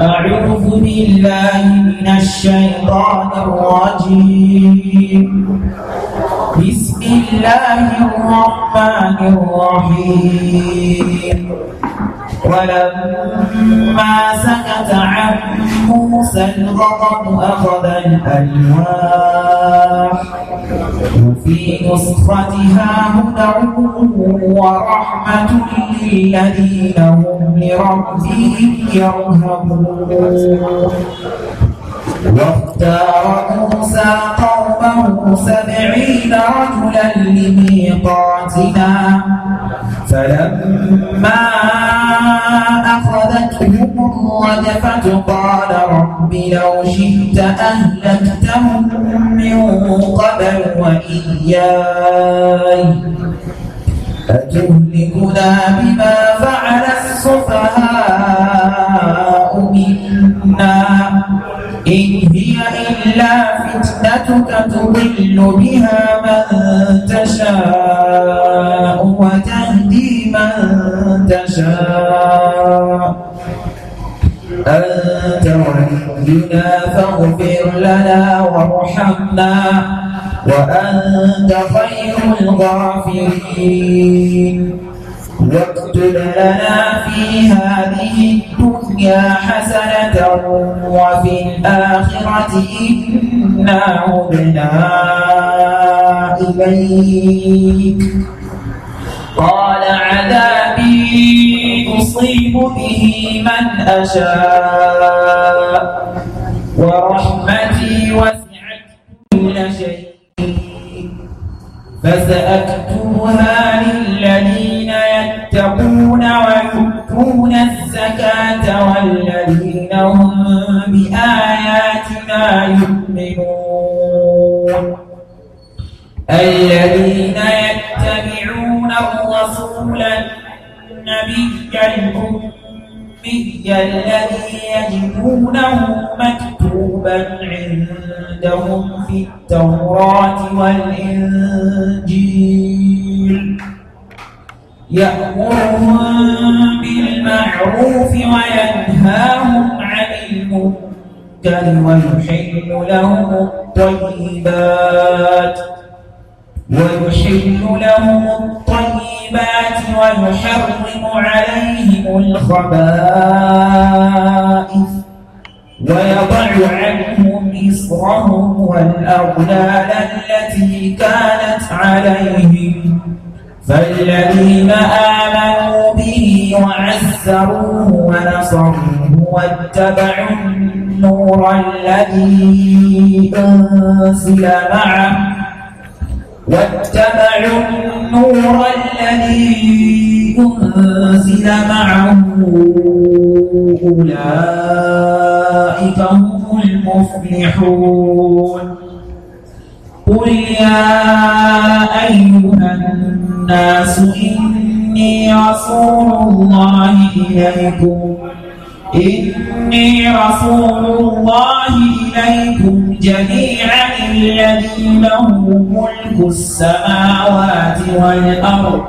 أعوذ بالله من الشيطان الرجيم بسم الله الرحمن الرحيم ولما سكت عن موسى الغضب أخذ الألواح وفي نسختها هدى ورحمة للذين هم لربهم يرهبون واختار موسى قومه سبعين رجلا لميقاتنا فلما أخذتهم الرجفة قال رب لو شئت أهلكتهم من قبل وإياي أتهلكنا بما فعل السفهاء منا إن هي إلا فتنتك تضل بها من تشاء تشاء أنت ولينا فاغفر لنا وارحمنا وأنت خير الغافرين واكتب لنا في هذه الدنيا حسنة وفي الآخرة إنا عدنا إليك قال عذابي أصيب به من أشاء ورحمتي وسعت كل شيء فسأكتبها للذين يتقون ويؤتون الزكاة والذين هم بآياتنا يؤمنون الذين يتقون محمدا رسولا نبيا الأمي الذي يجدونه مكتوبا عندهم في التوراة والإنجيل يأمرهم بالمعروف وينهاهم عن المنكر ويحل لهم الطيبات ويحل لهم الطيبات ويحرم عليهم الخبائث ويضع عنهم إصرهم والأغلال التي كانت عليهم فالذين آمنوا به وعزروه ونصروه واتبعوا النور الذي أنزل معه واتبعوا النور الذي أنزل معه أولئك هم المفلحون قل يا أيها الناس إني رسول الله إليكم إني رسول الله إليكم جميعا الذي له ملك السماوات والأرض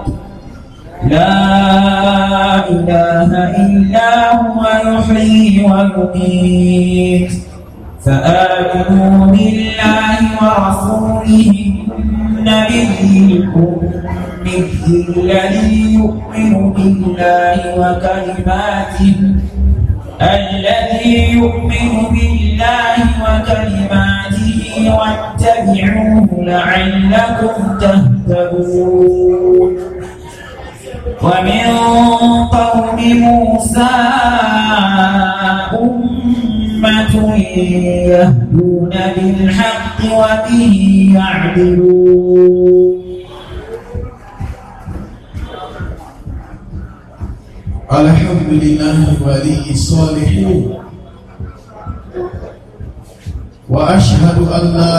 لا إله إلا هو يحيي ويميت فآمنوا بالله ورسوله النبي الأمي الذي يؤمن بالله وكلماته الذي يؤمن بالله وكلماته واتبعوه لعلكم تهتدون ومن قوم موسى أمة يهدون بالحق وبه يعدلون الحمد لله ولي الصالحين وأشهد أن لا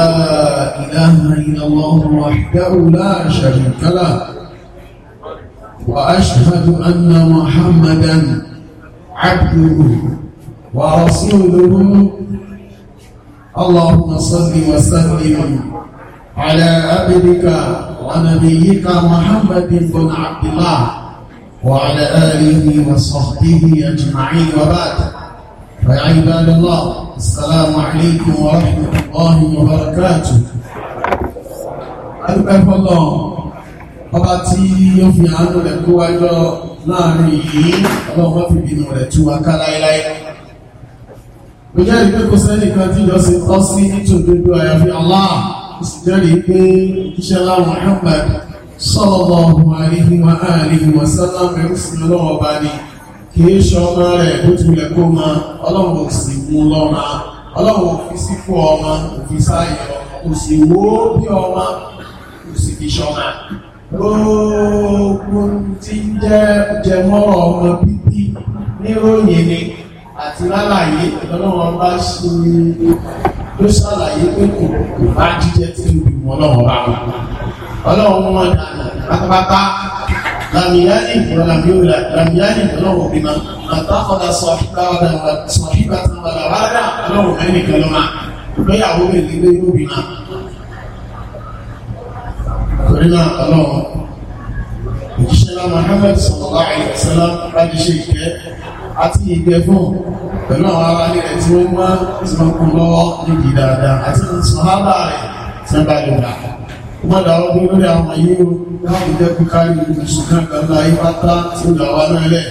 إله إلا الله وحده لا شريك له وأشهد أن محمدا عبده ورسوله اللهم صل وسلم على عبدك ونبيك محمد بن عبد الله وعلى آله وصحبه أجمعين وبعد فيا عباد الله السلام عليكم ورحمة الله وبركاته أدوك الله ọba tí ó fi àánú rẹ̀ kó wájọ́ láàrin yìí ọlọ́run wọ́n fi bínú rẹ̀ tú wa ká láíláí ó jẹ́ ìpé kò sẹ́ni kan tí yọ sí tọ́ sí nítòdodo àyàfi Allah ó sì jẹ́rìí pé iṣẹ́ láwọn Muhammad sallallahu alaihi wa alihi wa sallam ẹ̀rù fún ọlọ́wọ́ bá ní kìí ṣe ọmọ rẹ̀ bó tilẹ̀ kó ma ọlọ́wọ́ sì mú lọ́ra ọlọ́wọ́ fi sí fún ọmọ òfin sáyẹ̀ kò sì wó bí ọmọ kò sì fi ṣọ́nà gbogbo tí ń jẹ́ jẹmọ́rọ̀ ọmọ bíbí níròyìn ni àti lálàyé ọlọ́wọ́ bá ṣe ló ṣàlàyé pé kò bá jíjẹ tí ó bì wọ́n lọ́wọ́ bá wà ọlọ́run wọn pátápátá lamiyali lamiyula lamiyali ọlọ́run bímọ àtàkọ́dà sọ̀híbà wàdà sọ̀híbà wàdà wàdà ọlọ́run mẹ́nìkan lọ́mà lọ́yàwó mi lè lóyún bímọ. torí náà ọlọ́run òjíṣẹ́ náà Muhammad sallallahu alaihi wasallam láti ṣe ìkẹ́ àti ìgbẹ́ fún pẹ̀lú àwọn ará ilẹ̀ tí wọ́n mọ́ tí wọ́n kún lọ́wọ́ nídìí dáadáa àti sọ̀hábà rẹ̀ tí wọ́n bá lè gbọ́dọ̀ àwọn obìnrin lórí àwọn ayé o láti jẹ́ kí kárí ìṣùn náà gbàgbà ayé pátá tí ó dàwà náà lẹ̀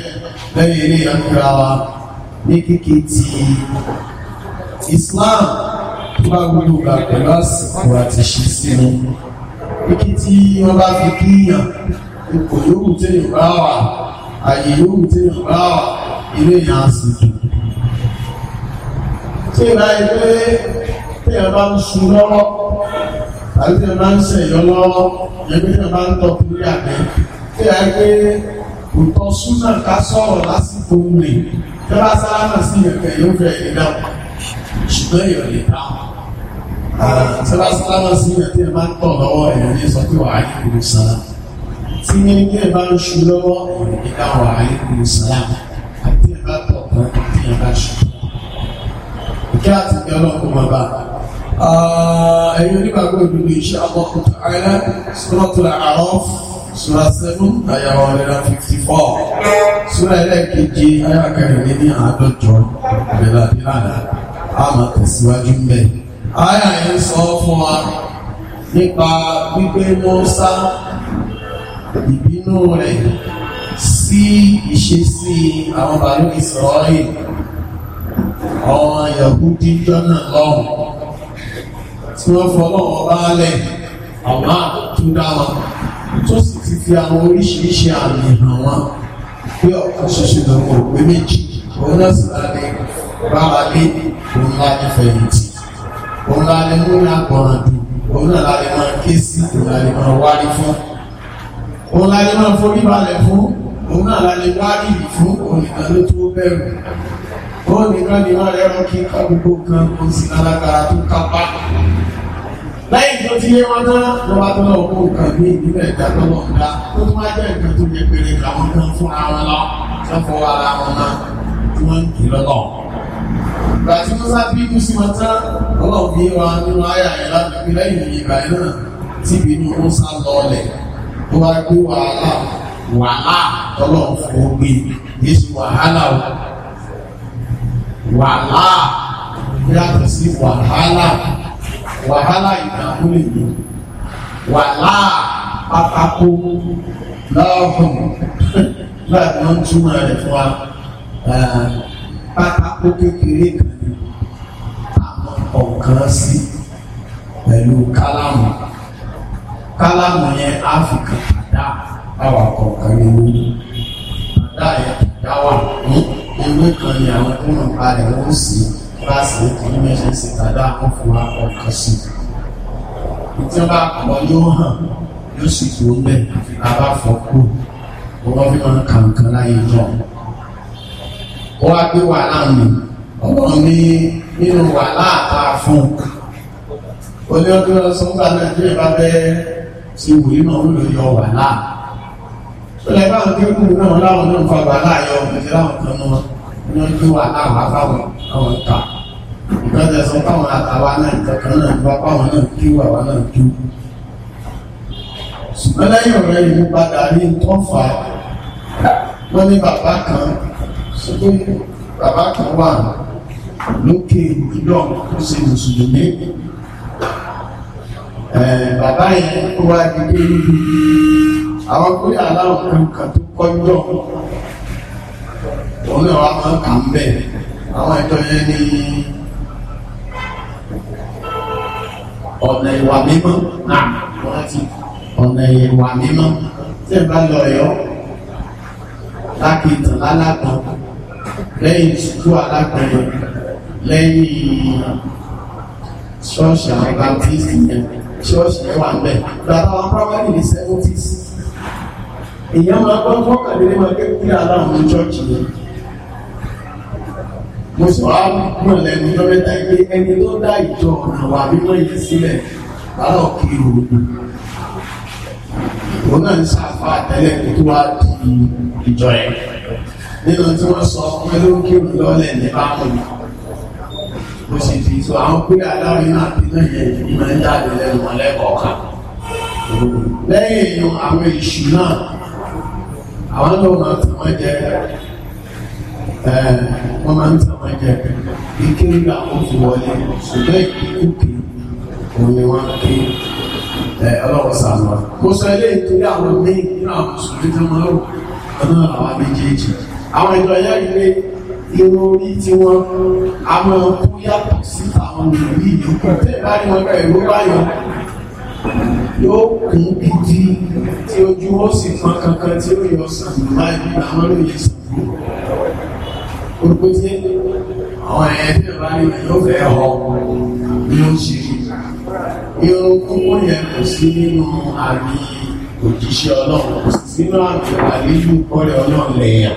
lẹ́yìn eré ìyàgbéra wa ní kíkì ti Islam tó bá gbọ́dọ̀ gbà pẹ̀lú àsìkò àti ṣe sínú kíkì tí wọ́n bá fi kíyàn ipò yòówù tí yóò bá wà àyè yòówù ìlà ìgbé tí ẹ ń sun lọ́wọ́ tàbí tẹ̀ máa ń sẹ̀yọ lọ́wọ́ ẹbí tẹ̀ máa ń tọ́ kúrú àgbẹ̀ kí ẹ gbé òtọ́ súnà ká sọ̀rọ̀ lásìkò rè tẹ́ bá sára náà sí ẹ̀kẹ́ yóò fẹ́ ẹ̀ dáhùn ṣùgbọ́n èèyàn lè dáhùn tẹ́ bá sára náà sí ẹ̀kẹ́ máa ń tọ̀ lọ́wọ́ èèyàn ní sọ pé wàá yí kúrú sára tí ní kí ẹ bá ń ṣu lọ́wọ́ èèyàn ní ká wàá yí kúrú sára àti ẹ bá tọ̀ ẹ̀yin onígbàgbọ́ òdodo iṣẹ́ ọgbọ́kùtà ààrẹ sọ́lọ́tùlà àárọ̀ sura 7 àyàwó 54 sura ẹlẹ́ẹ̀kejì ayákẹrìnlẹ́ ní àádọ́jọ ìbẹ̀láàdínláàdá a máa tẹ̀síwájú mẹ́ àyà yẹn sọ fún wa nípa gbígbé mọ́sá ìbínú rẹ̀ sí ìṣesí àwọn bàálù ìsọ̀rọ̀ ọ̀hún yahudi jọ́nà lọ́hùn tí wọ́n fọlọ́ ọba alẹ̀ ọba tó dá wọn tó sì ti fi àwọn oríṣiríṣi àmì hàn wọn pé ọ̀kan ṣoṣo náà kò pé méjì òun náà sì lálẹ́ rárá lé òun láti fẹ̀yìntì òun lálẹ́ mú ní agbọ̀nràn dùn òun náà lálẹ́ máa ké sí òun lálẹ́ máa wárí fún òun lálẹ́ máa forí balẹ̀ fún òun náà lálẹ́ wárí fún òun nìkan ló tó bẹ̀rù òun nìkan ni wọ́n rẹ̀ rán kí ká gbogbo kan kó sí alágbára tó kápá lẹ́yìn tó ti yé wọn náà ló wá tó lọ́wọ́ kó nǹkan ní ìbílẹ̀ ìdájọ́ náà dá tó tó máa jẹ́ nǹkan tó yẹ péré làwọn kan fún ara lọ tó fọ ara wọn náà tí wọ́n ń kì lọ́lọ́. ìgbà tí wọ́n sá bínú sí wọn tán lọ́wọ́ bí wa nínú ayà yẹn láti fi lẹ́yìn ìgbà náà tí bínú ó sá lọ́ọ̀lẹ̀ tó wá gbé wàhálà wàhálà tọ́lọ̀ fún gbé yéṣu wàhálà wàhálà yàtọ̀ sí wàhálà wàhálà ìdààmú lè ní wàhálà pátákó lọ́ọ̀hún náà ni wọ́n túmọ̀ rẹ̀ fún wa pátákó kékeré kan ní àwọn ọ̀kan sí pẹ̀lú kálámù kálámù yẹn áfíríkà dá àwọn ọ̀kan ní wọ́n dá yẹn dá ní ewé kan ní àwọn tó ń parẹ́ wọ́n sí i kíláàsì èyí mẹ́ṣe ń ṣètàdá wọn fún wa ọkàn sí i tí wọ́n bá pọ̀ yóò hàn yóò sì tó ń bẹ̀ àbá fọ́kù wọ́n fi máa kàǹkan láyé náà ó wá gbé wàhálà mi ọlọ́run ní nínú wàhálà àtà fún oní ọdún ọsán gbà nàìjíríà bá bẹ́ẹ̀ ti wòye náà ń lò yọ wàhálà ṣọlẹ̀ báwọn kékùn náà láwọn náà fa wàhálà yọ òmìnira ọ̀kan náà wọ́n ń gbé wàhálà wàhálà wọn àwọn ta lọ́sẹ̀ sọ fáwọn àtàwa náà kankan náà nípa fáwọn náà kí wàwa náà kí. ṣùgbọ́n lẹ́yìn ọ̀rẹ́ yìí padà rí tó fà á wọ́n ní bàbá kan ṣe bàbá kan wà lókè ìlọ́ọ̀ tó ṣe mùsùlùmí bàbá yẹn tó di pé àwọn kó yà láwọn kan kan tó kọjọ òun náà wà àwọn ẹ̀tọ́ yẹn ni ọ̀nà ìwà mímọ́ ọ̀nà ìwà mímọ́ tí ẹ bá lọ ẹ̀yọ́ lákìtàn lálàgbọ̀n lẹ́yìn ìṣújú alágbọ̀n lẹ́yìn ṣọ́ọ̀ṣì àwọn baptist yẹn ṣọ́ọ̀ṣì yẹn wà ńbẹ̀ bàbá wa primary ní seventies èèyàn máa gbọ́ fọ́kànlélẹ́mọ̀ kékeré aláwọn ní ṣọ́ọ̀ṣì yẹn mo sì wá mọ̀ lẹ́nu lọ́mẹ́ta pé ẹni tó dá ìjọ ọ̀ràn wà mímọ́ yẹn sílẹ̀ bàbá òkè òru òun náà ń ṣàfà tẹ́lẹ̀ kó tó wá di ìjọ yẹn nínú tí wọ́n sọ pé ló ń kírun lọ́lẹ̀ ní bámọ̀lì mo sì fi sọ àwọn pé alárin náà ti náà yẹn ìmọ̀ ń jáde lẹ́nu wọn lẹ́kọ̀ọ̀kan lẹ́yìn èèyàn àwọn èṣù náà àwọn náà máa tàn wọ́n jẹ Eh, wọ́n máa ń tàwọn jẹ ike ńlá oṣù wọlé ṣùgbọ́n ìkókè òun ni wọ́n ké ọlọ́wọ́ sàmọ́. mo sọ ilé ìtòrí àwọn míì nínú àwọn mùsùlùmí tó máa rò ọ̀nà àwọn méjèèjì. àwọn ìjọ yẹn rí irun orí tí wọ́n yàtọ̀ àwọn tẹ́ wọn bẹ̀rẹ̀ ló bá yóò kún gidi tí orúkọ tí àwọn ẹ̀yẹ tí ìbá ní ìyẹn yóò fẹ́ họ ní oṣù irun kúkú yẹn kò sí nínú àmì òjíṣẹ́ ọlọ́run kò sí sínú àmì àlejò kọ́lẹ̀ ọlọ́run lẹ́yìn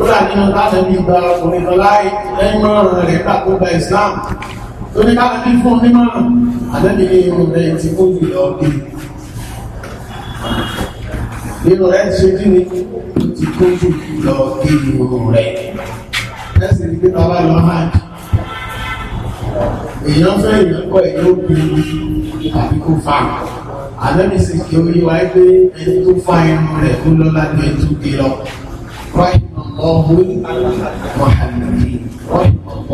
ó dà nínú táwọn ẹbí gba ọkùnrin lọ láì lẹ́yìn ọ̀rọ̀ rẹ̀ gbà tó Islam tó ní ká lọ bí fún onímọ̀ràn àdébìnrin irun rẹ̀ ti kó jùlọ bíi nínú rẹ̀ ṣe kí ni ó ti kó jù lọ kí irun rẹ̀ ẹsẹ̀ ní pípa bá lọ máa jù èèyàn fẹ́ ìrẹ́pọ̀ èèyàn ó bí àbí kó fa àbẹ́mi sì kí ó yí wáyé pé ẹni tó fa irun rẹ̀ kó lọ́lá ju ẹni tó gé lọ ọ̀hún mọ̀hàmìkì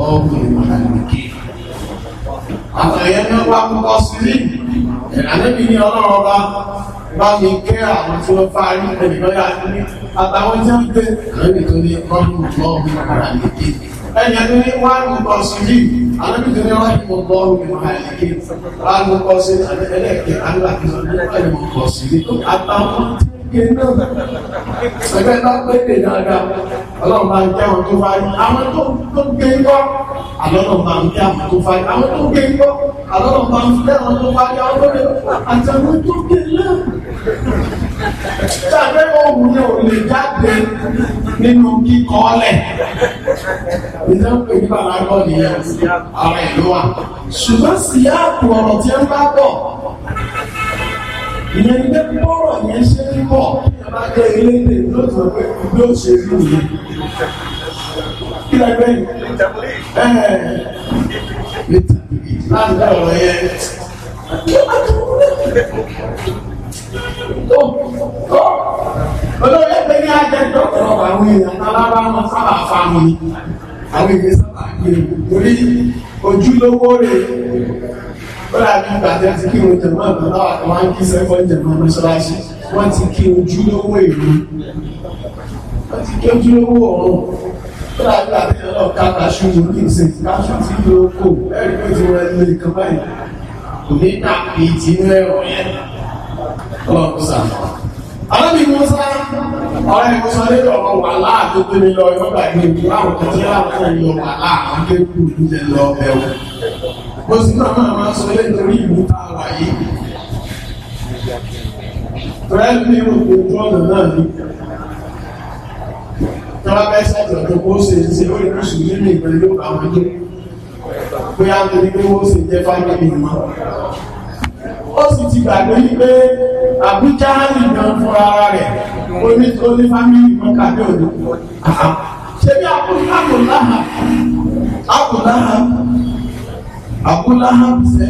ọ̀hún mọ̀hàmìkì àtàyẹ̀ ní ọba púpọ̀ sí ní ìrànlẹ́bí ní ọlọ́run ọba bá mi kẹ́ àwọn tí wọ́n parí ẹnìkanlá ní àtàwọn tí wọ́n gbé àlọ́bì tó ní ọdún ọ̀hún ara nìké ẹ̀yẹ tó ní wọ́n mú kọ́ sí yìí àlọ́bì tó ní wọ́n mú kọ́ ọ̀hún ara nìké wọ́n mú kọ́ sí ẹlẹ́ẹ̀kẹ́ àlọ́bì mú kọ́ sí yìí àtàwọn tí wọ́n gbé náà ẹgbẹ́ náà pé lè dáadáa ọlọ́run bá ń kẹ́ àwọn tó parí àwọn tó gbé ńkọ́ àlọ́run bá ń kẹ́ àwọn tó parí àwọn tó gbé ńkọ́ àlọ́run bá ń kẹ́ àwọn tó parí àwọn tó gbé àtàwọn tó gbé náà. Tàbí òun yẹn ò lè jáde nínú kíkọ́ ọ̀lẹ̀. Ìjọ pé ní nìyẹn ara ìlú wa. Ṣùgbọ́n síyáàpù ọ̀rọ̀ tí ń bá bọ̀. Ìyẹn ní pé bọ́rọ̀ yẹn ṣe ń bọ̀. Ìyẹn bá jẹ́ ilé ìdè lóòótọ́ pé ìgbé òṣèlú yìí. Kí lẹ gbẹ́yìn? Ẹ̀ẹ́dẹ̀ẹ́dẹ̀ láti dá ọ̀rọ̀ yẹn tó tó olórí ẹgbẹ́ ní ajẹ́jọ́ ọ̀rọ̀ àwọn èèyàn alára máa sábà fa mi àwọn èèyàn sábà gbé orí ojúlówó rẹ̀ ó rà ní ìgbà tí a ti kí wọn jẹ̀mọ́ àgbà náà àwọn á kí sẹ́kọ̀ọ́ jẹ̀mọ́ mọ́ṣáláṣí wọ́n ti kí ojúlówó èrò wọ́n ti kí ojúlówó ọ̀run ó rà ní àti ọ̀rọ̀ kákàṣù ní ìsìn káṣù tí ló kò ẹ̀rí pé ti wọ́n lè kàn báyìí kò ní dàbí ìtinú ẹ̀rọ yẹn ọlọ́run sàn. alábì musa ọ̀rẹ́ ìmúsọ nílò ọmọ wàhálà tó gbé mi lọ ìmọ̀gbà yìí ní àwọn kẹtí láwọn náà yọ wàhálà àwọn kéèkù ìdíje lọ bẹ̀wò. mo sì náà máa sọ lé nítorí ìlú tá a wà yìí. rẹ́ẹ̀lì ní ojú ọ̀nà náà ni tọ́lá bẹ́ẹ̀ sẹ́jọ̀ tó kó ṣe ṣe ó lè rúṣù nínú ìpínlẹ̀ àwọn ọdún bóyá nítorí pé ó ṣe jẹ́ fáwọn ènìyàn ó sì ti gbàgbé wípé àbújá ìdán fúnra rẹ̀ oní fámìlì mọ́kà ní òní. ṣé bí àbújá kò láhà àbúláhà àbúláhà sẹ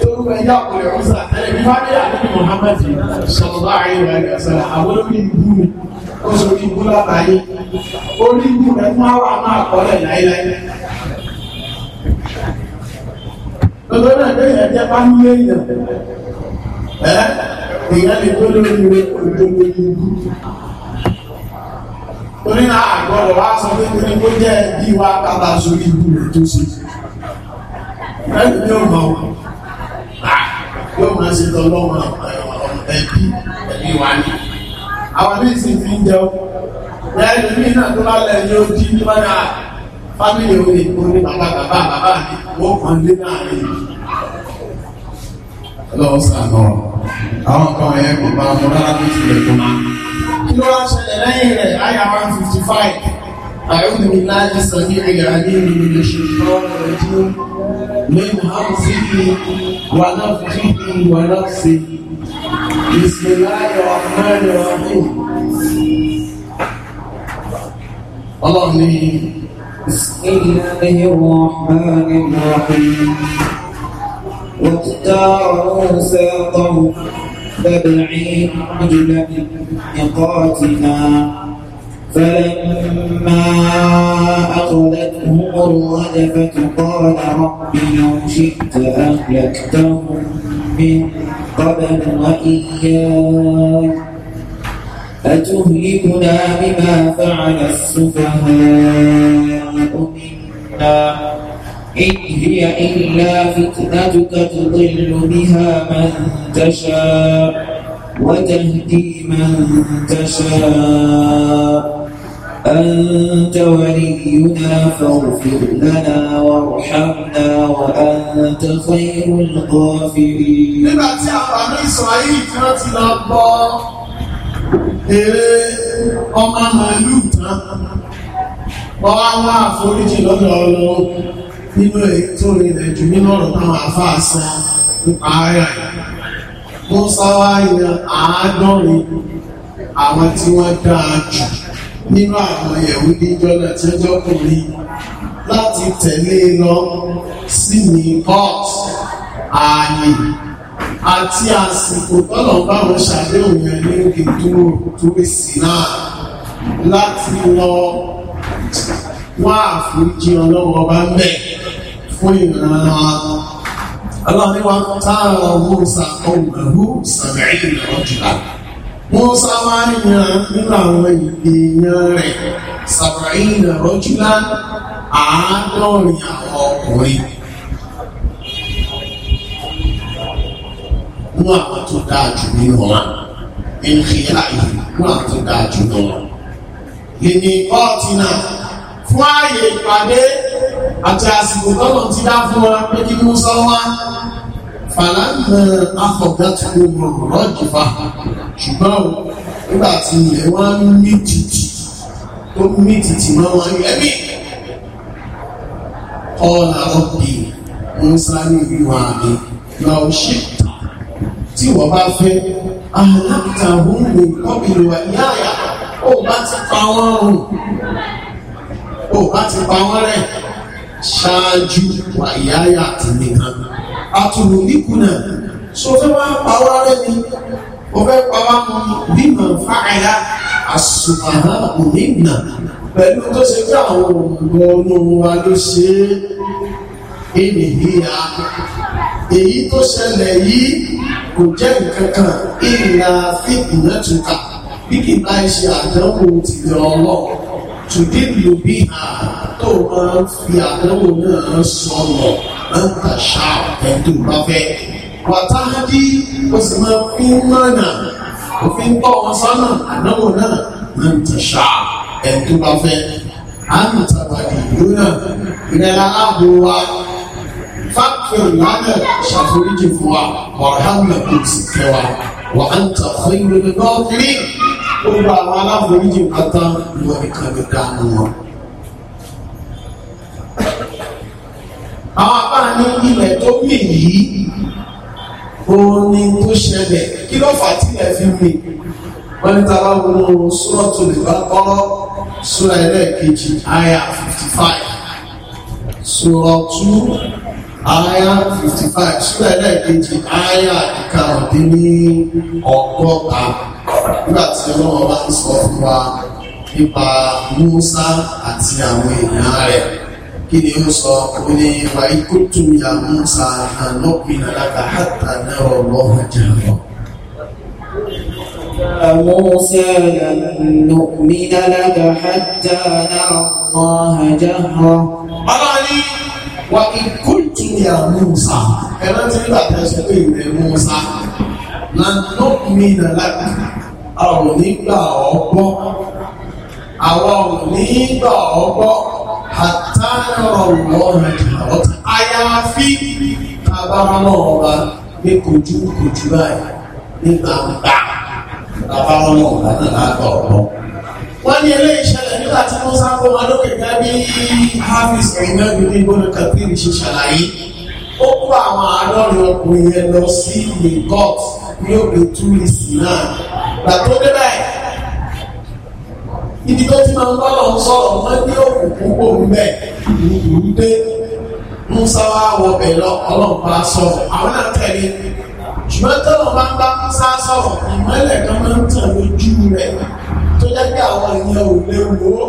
torúkọ ẹjẹ àkùnrin ọ̀sà tẹ́lẹ̀ fábíyà àti Muhammad sọlọ́lá àyẹ̀wò àgbàsọ̀rọ̀ àwọn olórí ìbú mi ó sọ orí ìbú látàáyé orí ìbú rẹ̀ fún àwọn àmọ́ àkọọ́lẹ̀ láéláé. gbogbo náà ló yẹ jẹ́ bá ní èèyàn ẹ́ èèyàn lè tó lórí rẹ̀ òjòjò ìlú torí náà àgbọ̀rọ̀ wá sọ pé kí ló jẹ́ bí wá kábà sórí ìlú rẹ̀ tó ṣe lẹ́yìn ní ọmọ yóò máa ṣe tọ́lọ́mọ ẹbí ẹbí wa ní àwọn ní ìsìn fi ń jẹun lẹ́yìn ní náà tó bá lẹ́yìn ó di nígbà náà fámìlì òní òní bàbá bàbá bàbá mi wọ́n kàn lé láàrin lọ́sàn-án àwọn kan ẹ̀ kò bá wọn rárá tó tilẹ̀ tó máa. kí ló wá ṣẹlẹ̀ lẹ́yìn rẹ̀ àyà one fifty five àyọ̀kùn mi láti sàn ní ẹ̀yà ní ìlú ilé ṣùgbọ́n ọ̀rẹ́ tí من همسه ونفخه ونفسه بسم الله الرحمن الرحيم الله بسم الله الرحمن الرحيم واختار موسى قوم فابعين رجلا ميقاتنا فلما أخذتهم الرجفة قال رب لو شئت أهلكتهم من قبل وإياك أتهلكنا بما فعل السفهاء منا إن هي إلا فتنتك تضل بها من تشاء وتهدي من تشاء أنت ولينا فاغفر لنا وارحمنا وأنت خير الغافرين. èrè ọmọ màálù tán ọwá wá àforíjì lọ́dọ̀ ọlọ́ nínú èyí tó rìnlẹ̀ jù nínú ọ̀rọ̀ táwọn àfáà sá nípa ara ẹ̀ tó sáwá yan àádọ́rin àwọn tí wọ́n dáa jù nínú àwọn yẹ̀wúdí jọ́nà tí ó jọ́kùnrin láti tẹ̀lé lọ sí ní port ààyè àti àsìkò tọ́lọ̀ bá wọn ṣàdéhùn yẹn ní gèdúrò tó èsì náà láti lọ wá àforíjì ọlọ́wọ́ bá ń bẹ̀ fún ìran aláwọ̀ níwá táàrà mọ́sá ọmọlú sàmẹ́rì lọ́jùlá mọ́sá máa àwọn ọkùnrin nú àwọn tó dáa jù nínú wọn ìnkìyà yìí nú àwọn tó dáa jù nínú wọn. lèmi bọ́ọ̀tì náà fún ààyè ìpàdé àti àsìkò tọ́lọ̀ ti dá fún wa pé kí ló sọ wá fàlànà afọ̀gátìkò rọ̀rọ̀ jìfà ṣùgbọ́n nígbà tí ilẹ̀ wọ́n ń mí tìtì tó ń mí tìtì mọ́ wọn ẹ̀mí ọ̀là ọ̀bì ń sáré ìwà mi lọ́ọ́ ṣètò tí wọ́n bá fẹ́ aláta wúwo wa wà ní àyà ó bá ti pa wọ́n rùn ó bá ti pa wọ́n rẹ̀ ṣáájú wà ìyáyà àti nìkan àtùnú níkùnà so fẹ́ wá pa wá rẹ̀ ni ó fẹ́ pa wá mọ́ bí màá fà áyà àsùnmọ̀hán òmìnira pẹ̀lú tó ṣe pé àwọn òǹgbọ̀n ọ̀nà wa ló ṣe é ènìyàn èyí tó ṣẹlẹ̀ yìí kò jẹ́ nǹkan kan ìlà fìgbìnà tuka bí kì bá ṣe àdánwò tìlẹ̀ ọlọ́ọ̀ tùdí ló bí a tó máa ń fi àdánwò náà sọnù máa ń tàṣà ẹ̀dùn bá fẹ́. wàtáàdì ó sì máa fi ń òfin tọ́ wọn sọ́nà àdánwò náà máa ń tàṣà ẹ̀dùn bá fẹ́. à ń tàbàdì ìlú náà ìrẹ́lá ààbò wa fákìrì lánàá ṣàforíjì fún wa warhamna kò sì kẹ́ wa wà á ń ta fún ìlú náà kiri gbogbo àwọn aláforíjì pátá ìwọ nìkan ló dáhùn wọn. àwọn apá ní ilẹ̀ tó mì yìí òun ni tó ṣẹlẹ̀ kí ló fà á tilẹ̀ fi mì wọ́n ní tara wọn sọ́ọ̀tù lèbá kọ́rọ́ sura ẹlẹ́ẹ̀kejì aya fifty five sura two aya fifty five sura ẹlẹ́ẹ̀kejì aya ìkarùndín ní ọgọ́ta nígbà tí ọlọ́run bá ń sọ fún wa nípa Musa àti àwọn èèyàn rẹ̀ kí ni ó sọ pé ní ìwà ikú tún ya Musa ànọ́pin alága hàtà náà lọ́wọ́ jẹun. موسى لن نؤمن لك حتى نرى الله جهرا wà ìkúntù ní àmúnsá ẹ̀rọ tí nígbà tí a sọ pé ìwé múnsá na no mean like àwọn onígbà ọgbọ́ àwọn onígbà ọgbọ́ àtàrọ̀ lọ́rùn ọ̀tá àyàfi tábàmọ́ náà wà ní kojú kojú báyìí ní gbàgbà tábàmọ́ náà wà ní àgbà wọ́n ní ilé ìṣẹ̀lẹ̀ nígbà tí wọ́n sá kó wọn lókè gẹ́gẹ́ bí hafiz ẹ̀yìnmẹ́bí ní gbọ́dọ̀ kàpírì ṣe ṣàlàyé ó kó àwọn àádọ́rin ọkùnrin yẹn lọ sí lagos ní òde túrìsì náà gbà tó dé báyìí ibi tó ti máa ń bọ́lọ̀ ń sọ̀rọ̀ wọ́n ní òkùnkùn kò ń bẹ̀ ìlú dé musa wa wọ bẹ̀ lọ ọlọ́pàá sọ̀rọ̀ àwọn náà tẹ̀lé ṣùgbọ́n tọ́lọ̀ máa ń bá musa sọ̀rọ̀ ìmọ̀lẹ̀ kan máa ń tàn lójú rẹ̀ tó jẹ́ pé àwọn ènìyàn ò lè wò ó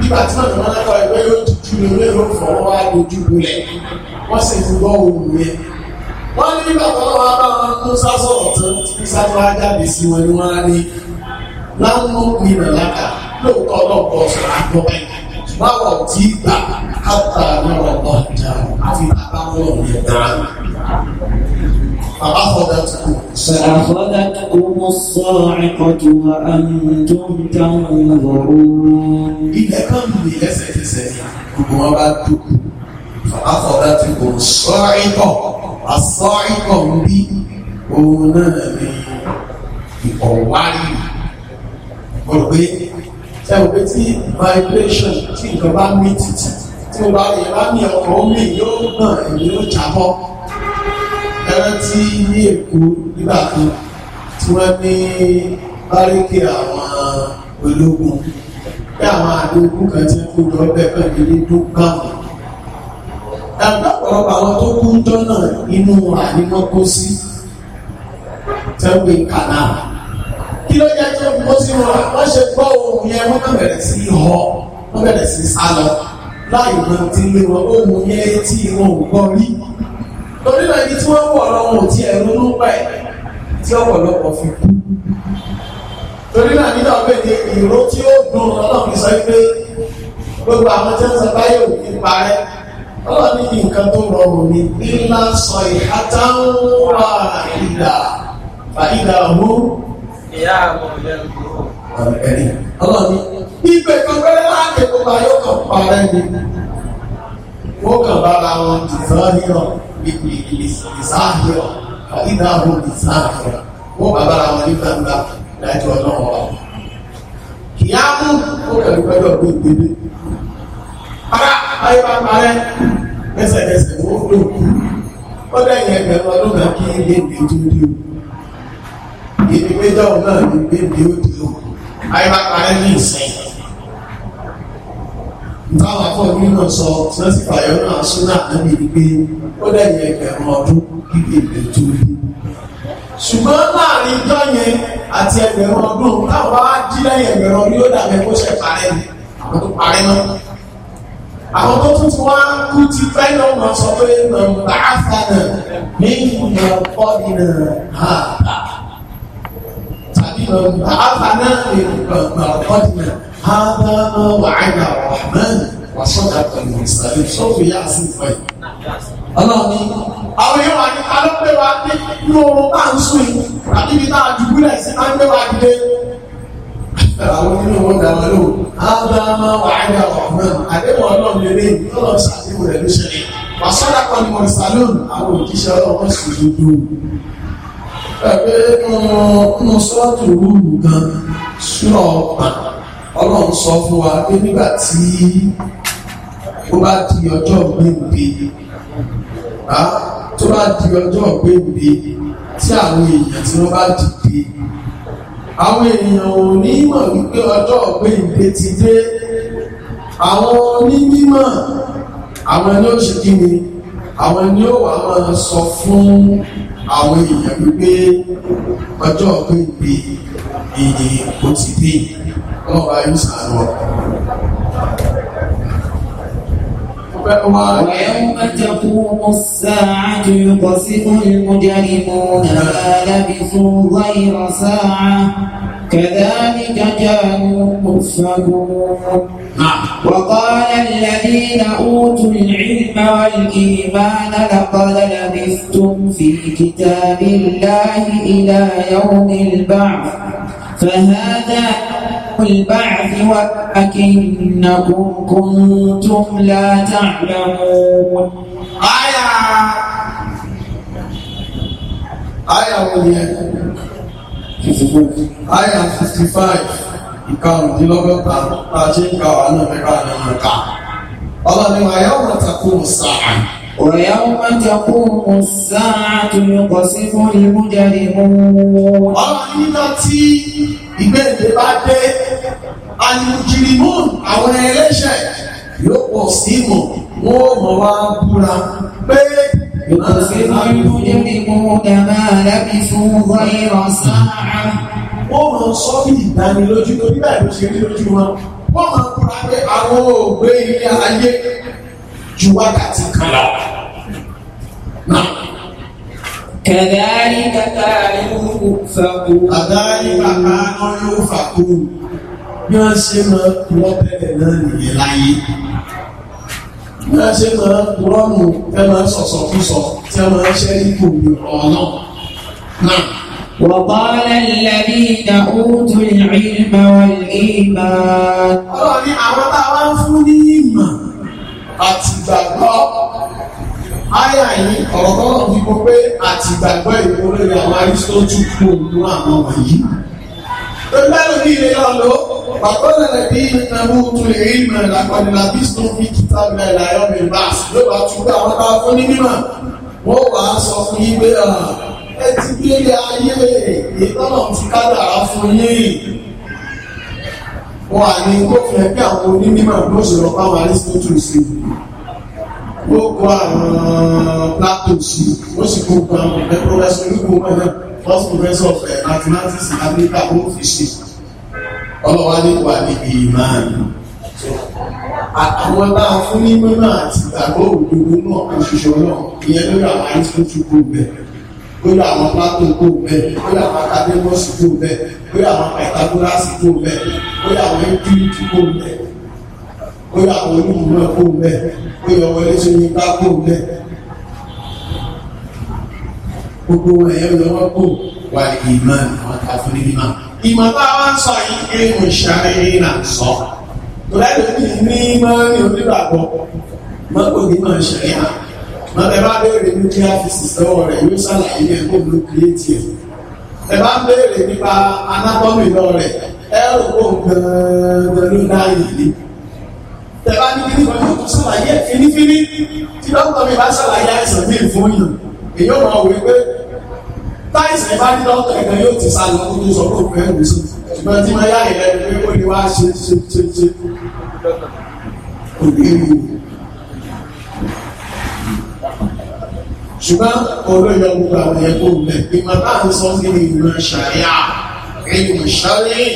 nígbà tí wọ́n náà lọ́kọ̀ ẹgbẹ́ yóò tutù ní orí ìlú fọwọ́ wá dojú bolẹ̀ wọ́n sì ti gbọ́ òun yẹn wọ́n ní nígbà tó wọ́n wá bá wọn tó sá sọ̀rọ̀ tí sá tó jáde sí wọn ni wọ́n á ní láwọn òpin ìrànláka lóòótọ́ ọlọ́pọ̀ sọ̀rọ̀ àgbọ̀bẹ̀ báwọ̀ tí gbà á àwọn ọ̀pọ̀ ìjà àfi bàbá wọn ò فأخذتكم الصاعقة وأنتم تنظرون إذا كان لسه كما بعدك فأخذتكم الصاعقة الصاعقة بي هنا ìkọ̀wárì gbọ̀gbé tẹ́ ò pé tí vibration tí nǹkan bá mí títì tí ó bá yẹ bá ní ọkọ̀ ó mì yóò náà èyí ó jábọ́ rántí ní Èkó nígbà kan tí wọ́n ní báríkì àwọn ológun bí àwọn àdógún kan ti kó lọ bẹ́ẹ̀ pẹ̀lú ilé tó gbà wọ́n. Àgbàpọ̀lọpọ̀ àwọn tó kú jọ́nà inú ànímọ́ kó sí tẹ́gbẹ̀ kàná. Kí ló jẹ́ tó kó sí wọn? Wọ́n ṣe gbọ́ ohun yẹn wọ́n kàn bẹ̀rẹ̀ sí họ, wọ́n bẹ̀rẹ̀ sí sálọ. Láì mọ ti lé wọn, ohun yẹn tí wọn ò gbọ́ rí torí náà ibi tí wọ́n wọ̀ lọ́wọ́ ò tí ẹ̀rú ló pa ẹ̀ tí ọ̀pọ̀lọpọ̀ fi kú torí náà nínú àpèjì ìró tí ó dùn ọlọ́run sọ pé gbogbo àwọn tí wọ́n sọ báyìí ò ní parẹ́ ọlọ́run ní nǹkan tó rọrùn ní ńlá sọ ìhátá ń wà ìdà fàídà ọ̀hún. ìyá àwọn ọ̀lẹ́nu kúrò. ọlọ́run ibẹ̀ kan pẹ́rẹ́ láàkè gbogbo ayọ́kàn parẹ́ ni wọ́n kàn bára wọn jù sọ́ọ́ ìsáàkìrọ̀ ìdáàbò ìsáàkìrọ̀ ó bàbá àwọn nígbàgbà láìjọ náà wà. kìá mú ó pẹ̀lú pẹ̀lú ọ̀gbìn ìgbèdè ara ayé bá parẹ́ ẹsẹ̀kẹsẹ̀ ó lò kú ó dẹ̀yìn ẹgbẹ̀rún ọdún kan kí ilé ìgbè tó dé o ìdí péjọ́ náà ní gbé ìgbé ó dé o ayé bá parẹ́ ní ìsẹ̀yìn táwọn afọ́bí náà sọ sọ́sì fàyọ́ náà súnà àmì pé ó dẹ̀yẹ ẹgbẹ̀rún ọdún kíkè ìgbẹ̀ tó rí ṣùgbọ́n láàrin ijọ́ yẹn àti ẹgbẹ̀rún ọdún táwọn bá jí lẹ́yìn ẹgbẹ̀rún ọdún yóò dàbẹ̀ kó ṣe parẹ́ ni àwọn tó parẹ́ náà àwọn tó tún ti wá kú ti fẹ́ náà wọ́n sọ pé mọ̀ bá fà náà ní ìgbà ọ̀pọ̀ gbọ̀ngbà àfààná èdè gbọ̀ngbà ọ̀dìnà ádámà wàhálà rahman wàsọ́dà pẹ̀lú ìsàlẹ̀ sọ́fù yá sí ìfọ̀ yìí. ọlọ́ọ̀ni àwọn yóò wà ní alọ́pẹ̀ wa dé inú oorun bá ń sùn yìí àbí ibi náà dùbúlẹ̀ sí máa ń gbé wa dìde. àwọn nínú wọn dàwọn lò ádámà wàhálà rahman àdéhùn ọlọ́ọ̀ni lè ní ìtọ́lọ́ sàdéhùn rẹ̀ ló ṣẹlẹ̀ wàsọ́dà pẹ̀lú ìsàlẹ̀ àwọn òjíṣẹ́ ọlọ́wọ́ sì dúdú ẹgbẹ́ nínú sọ́ọ̀tù rúrù gan súnà ọ̀pá ọlọ́run sọ fún wa pé nígbà tí ó bá di ọjọ́ gbèǹde tó bá di ọjọ́ gbèǹde tí àwọn èèyàn tí wọ́n bá dìde àwọn èèyàn ò ní mọ̀ wípé ọjọ́ gbèǹde ti dé àwọn onímọ̀ àwọn ni ó ṣe kí ni àwọn ni ó wà máa sọ fún àwọn èèyàn wípé ọjọ́ pépè èyí kò ti dé wọn bá yóò sàánú ọ. ويوم تقوم الساعة يقسم المجرمون ما لبثوا غير ساعة كذلك كانوا مرسلون نعم. وقال الذين اوتوا العلم والايمان لقد لبثتم في كتاب الله الى يوم البعث فهذا البعث ولكنكم كنتم لا تعلمون آية آية ìdìbò àyà sixty five ìkarùndínlọ́gọ́ta tá a ṣe ń ka wà náà mẹ́ta ní ọ̀ka. ọlọ́ni wa yóò wọ́n ta kó sáà. ويوم تقوم الساعة يقسم المجرمون. ọlọ́run nígbà tí ìgbẹ́ǹde bá dé alùjìrìmọ́ọ̀n àwọn ẹlẹ́ṣẹ̀ yóò pọ̀ símọ̀ wọ́n mọ̀ wá búra pé يدركهم كما لبثوا غير ساعة wọ́n máa sọ bí ìdánilójú tó nígbà ìlú ṣe rí lójú wọn wọ́n máa kúra pé àwọn ògbé ilé ayé ju wákàtí kan lọ. كذلك كانوا يؤفكون كذلك كانوا يؤفكون bí wọ́n ṣe máa lọ́bẹ̀rẹ̀ náà nìyẹn láyé bí wọ́n ṣe máa ń rọ́ọ̀nù ẹ máa ń sọ̀sọ̀ fún sọ tí wọ́n máa ń ṣe ipò ọ̀nà náà. وقال الذين أوتوا العلم والإيمان Ọlọ́run ní àwọn tá a wá ń fún ní ìmọ̀ àti ìgbàgbọ́ àyà yìí ọ̀rọ̀ tọ́lọ̀ fi kó pé àti ìgbàgbọ́ ìwúrẹ́ àwọn arísítọ́tù kú òun àwọn wọ̀nyí. Pẹ̀lú ẹlòmíì lè lọ lọ. Bàbáwọlẹ̀ rẹ̀ bí ìnáwó tún lè rí ìmọ̀ ìlàkọ̀nìlà bí sùn fi kìtà ìlà ìlà ayọ́mọ̀ ìbáàsì ló bá tún gbà wọ́n bá fún ní mímọ̀. Wọ́n wà á sọ fún yí pé ẹ ti gbélé ayé ìtọ́nà ti kádàrá fún yín. Wọ́n à ní kó fi ẹgbẹ́ àwọn onímọ̀ ló ṣe lọ́pàá wọn àrísítọ́tù sí. Wọ́n kọ àwọn plato sí, wọ́n sì kó gbọ́ àwọn ọ̀gbẹ́ pọ́fẹ́sọ̀ onígbòmọ̀ náà, first professor of mathematics ọlọ́wà ní wà ní ìmáàlú àwọn bá fún ní mímọ̀ àti ìgbàgbọ́ òdodo náà kan ṣoṣo náà ìyẹn lórí àwọn àìsàn tó kó bẹ̀ lórí àwọn plato kó bẹ̀ lórí àwọn akadémọ́sì kó bẹ̀ lórí àwọn pythagorasi kó bẹ̀ lórí àwọn ẹ́kírìtì kó bẹ̀ lórí àwọn onímọ̀ kó bẹ̀ lórí ọwọ́ ẹlẹ́sìn nípa kó bẹ̀ gbogbo ẹ̀yẹ́ lọ́wọ́ kó wà ìmáàlú àwọn tá a fún ní mímọ̀ ìmọ̀ tá a wá ń sọ yìí pé mo ṣàlàyé là ń sọ lẹ́yìn tí ní máa ń ní onígbàgbọ́ má kò ní máa ṣẹlẹ̀ à má ẹ bá béèrè ní kí á fi sísẹ́ wọ̀ rẹ̀ yóò ṣàlàyé ẹ̀ kó ló kéré tiẹ̀ ẹ bá ń béèrè nípa anatomy lọ rẹ̀ ẹ rò pé gbẹ̀rẹ̀ ló dá yìí tẹ bá ní kíní kan tó ṣàlàyé fínífíní tí dókítà mi bá ṣàlàyé àìsàn mi fún yìí èyí ò máa wí pé táìsì ẹ̀ bá ní dọ́tọ̀ ẹ̀kan yóò ti sá lọ kótó sọ fún ọ̀pẹ́ ẹ̀rù sí ṣùgbọ́n tí mo yá ìlẹ̀ pé ó lè wá ṣe ṣe ṣe ṣe kò ní ìlú. ṣùgbọ́n olóyè ọgbọ́n àwọn yẹn kò lẹ̀ ìmọ̀ bá ń sọ ní ìmọ̀ ṣàyà ìmọ̀ ṣàlẹ̀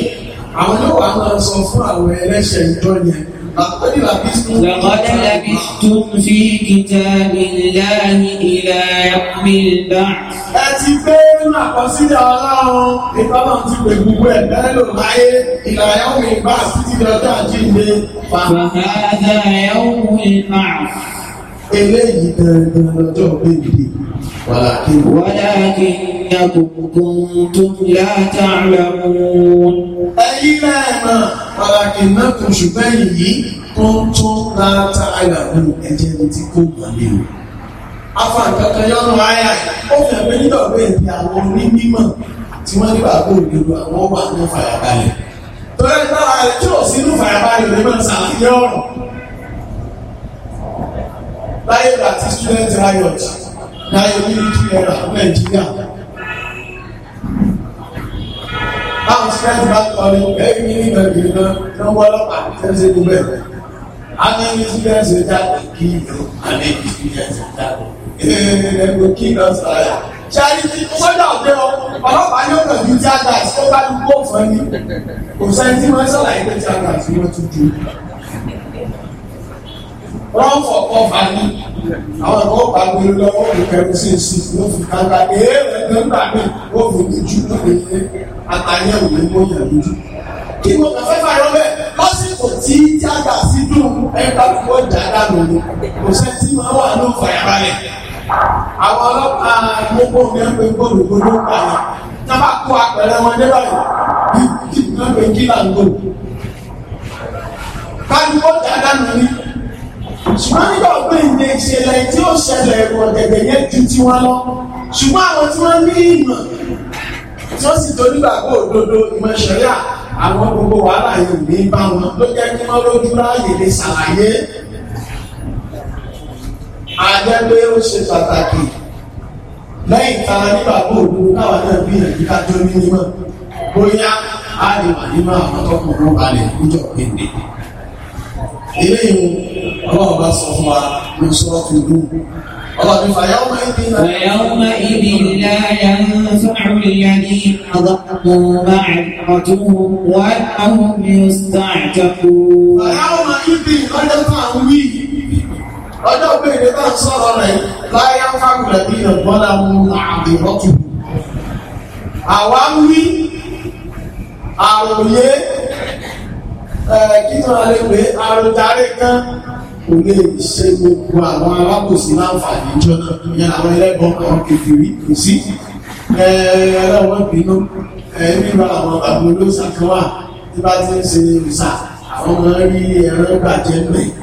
àwọn yóò wá máa sọ fún àwọn ẹlẹ́ṣẹ̀ ìjọ yẹn لقد لبثتم في كتاب الله إلى يوم البعث nínú àkọsílẹ̀ ọlọ́run ìtọ́nà ti pè gbogbo ẹ̀dá lò láyé ìlàyà òun ìgbà títí lọ́jọ́ àjíǹde. Fàkàdà Eléyìí dandan lọ́jọ́ bèbè. Wàlákin. Wàlákin ni àkùnkùn tó láta àlàmùn. Ẹ̀yin náà mọ̀, wàlákin náà kò ṣùgbọ́n yìí tó tó láta àlàmùn ẹ̀jẹ̀ ní ti kó mọ̀ o afàǹkankan yọ́nù àyà ó fi ẹ̀gbẹ́ nígbà bẹ́ẹ̀ ti àwọn onímọ̀ tí wọ́n nígbà tó òdodo àwọn ọba àwọn fàyàbalẹ̀ torí ẹ̀ta rẹ̀ tí ò sínú fàyàbalẹ̀ lè máa ṣàlàyé ọ̀rọ̀ láyé ìgbà tí student riot láyé military era Nàìjíríà báwọn student bá tọrọ ẹ̀rí ní ìgbà ìgbà náà ló ń wọ́ ọlọ́pàá tẹ́lẹ̀ gbogbo ẹ̀ a ní ní student ṣe jáde kí ìlú a ní student ṣe jáde ẹ̀ẹ́dẹ̀gbò kí lọ sọ̀rọ̀ charity sọ́jà òde ọ ọlọ́pàá yóò kàn ju jagas tó bá ju kó fún ẹni kò sẹ́ni tí wọ́n sọ̀rọ̀ àìpé jagas ni wọ́n ti ju. wọ́n fọ̀ kọ́ fani àwọn ẹ̀kọ́ ọ̀pá gbé lọ́wọ́ ìkẹrù sí èsì ló fi kàgbà èèrè nígbà mi ó fi lójú lórí ilé àtàyẹ̀wò ní mo yàn lójú. kí mo kàn fẹ́ fàrọ̀ bẹ́ẹ̀ lásìkò tí jagas dùn ẹ̀ka kò jà dànù ni kò sẹ́ni tí wọ́n wà ló fàyàbalẹ̀ àwọn ọlọ́pàá gbogbo ọ̀gbẹ́ pé gbòdògbòdò pààyàn tábà kó apẹ̀rẹ̀ wọn dé báyìí bí wọ́n pè kílà ń gbòdò. kájúwọ́ dáadáa nù ní ṣùgbọ́n nígbà òpin ìdè ìṣẹ̀lẹ̀ tí ó ṣẹlẹ̀ ẹ̀wọ̀n gẹ̀gẹ̀ yẹn ju ti wọn lọ ṣùgbọ́n àwọn tí wọ́n ní ìmọ̀ tí wọ́n sì torí gbàgbọ́ òdodo ìmọ̀ ṣẹ̀ríà àwọn gbogbo wàhálà yìí ní bá wọn ló jẹ́ kí wọ́n lójú ráàyè lè ṣàlàyé àjẹgbé ó ṣe pàtàkì lẹ́yìn tá a nígbà tó òdodo káwa náà gbìyànjú ká tó ní nímọ̀ bóyá a lè wà nínú àwọn tọkùnrin balẹ̀ níjọ gbèndé. eléyìí ọlọ́run bá sọ fún wa ló sọ fún un. Ọlọ́run fa yàwó máa ń bí náà. Wàyàwó máa ń bí láyà ọjọ́ gbèrè náà sọ̀rọ̀ rẹ̀ láyá fáwùrẹ̀ bí nà bọ́lá mu àmì rọ́tù. àwa ń wí àròyé kí ni wọ́n lè pè àròjàre kan kò lè ṣe gbogbo àwọn alákòóso láǹfààní jọ ìyẹn àwọn ẹlẹ́gbọ́n kan kékeré kò sí ẹlẹ́wọ̀n bínú nígbà àwọn àgbòlóṣà kan wà tí bá ti ń ṣe ìṣà àwọn ọmọ rí ẹ̀rọ gbàjẹ́ mẹ́ẹ̀.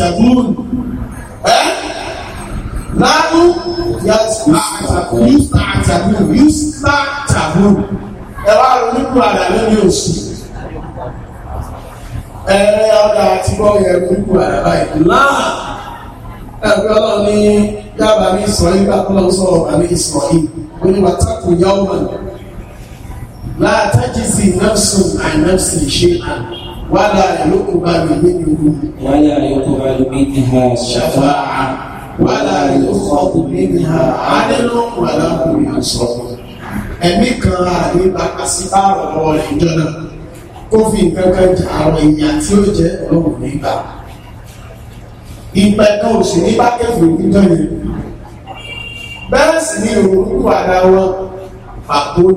yàtàkùn eh? Lalu yàtàkùn yàtàkùn ẹ wá ronú nípa àdá lórí òsì ẹ ọ̀dà àti bọ́ yẹ ronú nípa àdá báyìí náà ẹgbẹ́ ọlọ́run ní yàrá ní ìsọ̀yìn bá ọlọ́run sọ̀rọ̀ bá ní ìsọ̀yìn ó ní wàtàkùn yàwó mọ̀ láàtàjì sí nọ́ọ̀sùn àìnọ́ọ̀sì ṣe àná. ولا يقبل منه ولا يقبل منها شفاعة ولا يؤخذ منها عدل ولا هم ينصرون ẹ̀mí kan àdébá kásítà ọ̀rọ̀ ìjọ náà kó fi nǹkan kan jà àwọn èèyàn tí ó jẹ́ ọlọ́run nígbà ìgbà ẹ̀kan ò sì ní bá kẹfì níjọ yẹn bẹ́ẹ̀ sì ni òun kú àdá wọn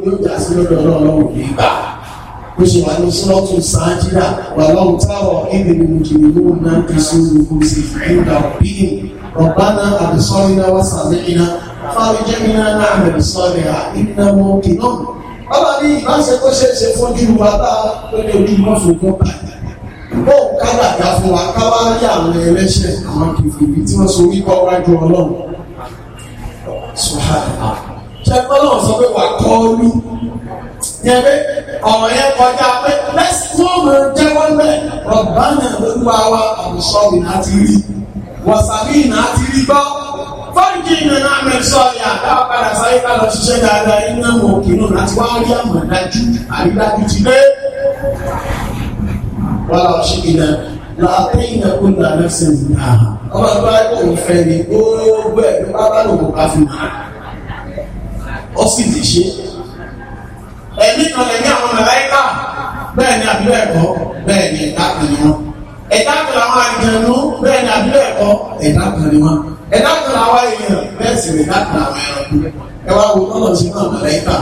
ní ó jà sí lọ́dọ̀ ọlọ́run nígbà bó ṣe wà ní sọ́ọ̀tún sáájúdà wà lọ́hùn táwọ̀ ìbìnrin mùjìrì ló ń náà kí sí gbogbo sí ìfẹ́ǹdà òbí ọ̀bánà àbùsọ́rìnà wà sàlẹ́yìnà fáwíjẹ́mínà náà àbẹ̀bùsọ́rìnà ìnáwó kìnnà. bàbá mi ìbáṣe tó ṣe é ṣe fojú wa bá lórí ojú mọ́ fògùn bàjẹ́. ó ká dàgbà fún wa ká wá rí àwọn ẹlẹ́ṣẹ̀ àwọn kìfìbí tí wọ́n so wíkọ́ wájú ọlọ́run. sùhàdà ṣẹ́gbọ́n náà sọ pé wà kọ́ ọ́ yẹn pé ọ̀rọ̀ yẹn kọjá pé lẹ́sìkúrò jẹ́wọ́ bẹ́ẹ̀ rọ̀bá náà ló ń wá wa àwùsọ ìnà àti rí wọ̀sàbí ìnà àti rí gbọ́ fọ́nìkì ìnana àmẹ́sọ ìyá àdáwọ̀ padà sáyé ká lọ ṣiṣẹ́ dáadáa iná mọ̀ òkè náà láti wá rí àmọ̀dájú àrídájú ti dé wọ́n lọ ṣe ìnà láàpẹ́ ìnà kó nà lẹ́sẹ̀ nìyà ọmọ ẹgbẹ́ ẹgbẹ́ òun fẹ́ ni gbogbo ẹ̀ ló bá bá lòun bá fi nà ó ẹ̀mí kan lẹ̀mí àwọn màláíkà bẹ́ẹ̀ ni àbí bẹ́ẹ̀ kọ́ bẹ́ẹ̀ ni ẹ̀dá kan ni wọ́n ẹ̀dá kan làwọn àjẹnú bẹ́ẹ̀ ni àbí bẹ́ẹ̀ kọ́ ẹ̀dá kan ni wọ́n ẹ̀dá kan làwọn èèyàn bẹ́ẹ̀ sì ẹ̀dá kan làwọn ẹranko ẹ wá wo lọ́nà sí náà màláíkà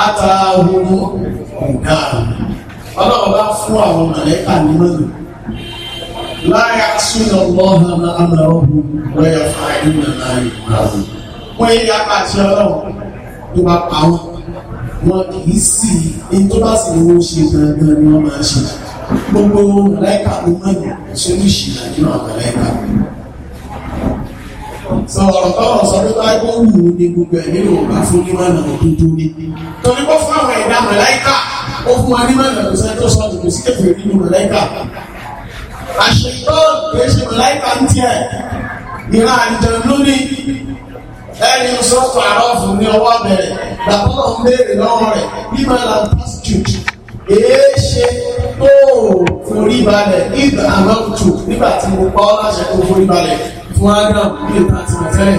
àtàwọn ọ̀gá ọlọ́run bá fún àwọn màláíkà ní mọ́nà láyà súnà lọ́hàn náà àmàlọ́hùn lọ́yà fún àìdúnà náà ìgbà wọn yẹ ká pàṣẹ ọlọ́run tó bá pa wọn wọn kì í sì ní tó bá sì lówó ṣe gangan ni wọn máa ṣe gbogbo mọ̀láìkà ló mọ̀ ní oṣooṣì nínú àmọ̀láìkà. sọ̀rọ̀ tọ́rọ̀ sọ pé báyìí wọ́n wù ú ní gbogbo ẹ̀ nínú ọ̀gá fún nímọ̀nà òdodo ni. torí wọ́n fún àwọn ẹ̀dá mọ̀láìkà ó fún wa nímọ̀nà kò sẹ́ni tó sọ kò sí kẹfẹ́ nínú mọ̀láìkà. àṣetọ́ kò ṣe mọ̀láìkà ń tiẹ̀ ìran àjọ lónìí ẹni sọ́tọ̀ àrọ́fù ní ọwọ́ bẹ̀rẹ̀ làbọ́lọ̀ ń béèrè lọ́wọ́ rẹ̀ bí máa la prostitute èé ṣe tó forí balẹ̀ ìgbà àlọ́tù nígbà tí mo pa ọ́ láṣẹ tó forí balẹ̀ fún adam ní ìta àti mọ̀tẹ́rẹ̀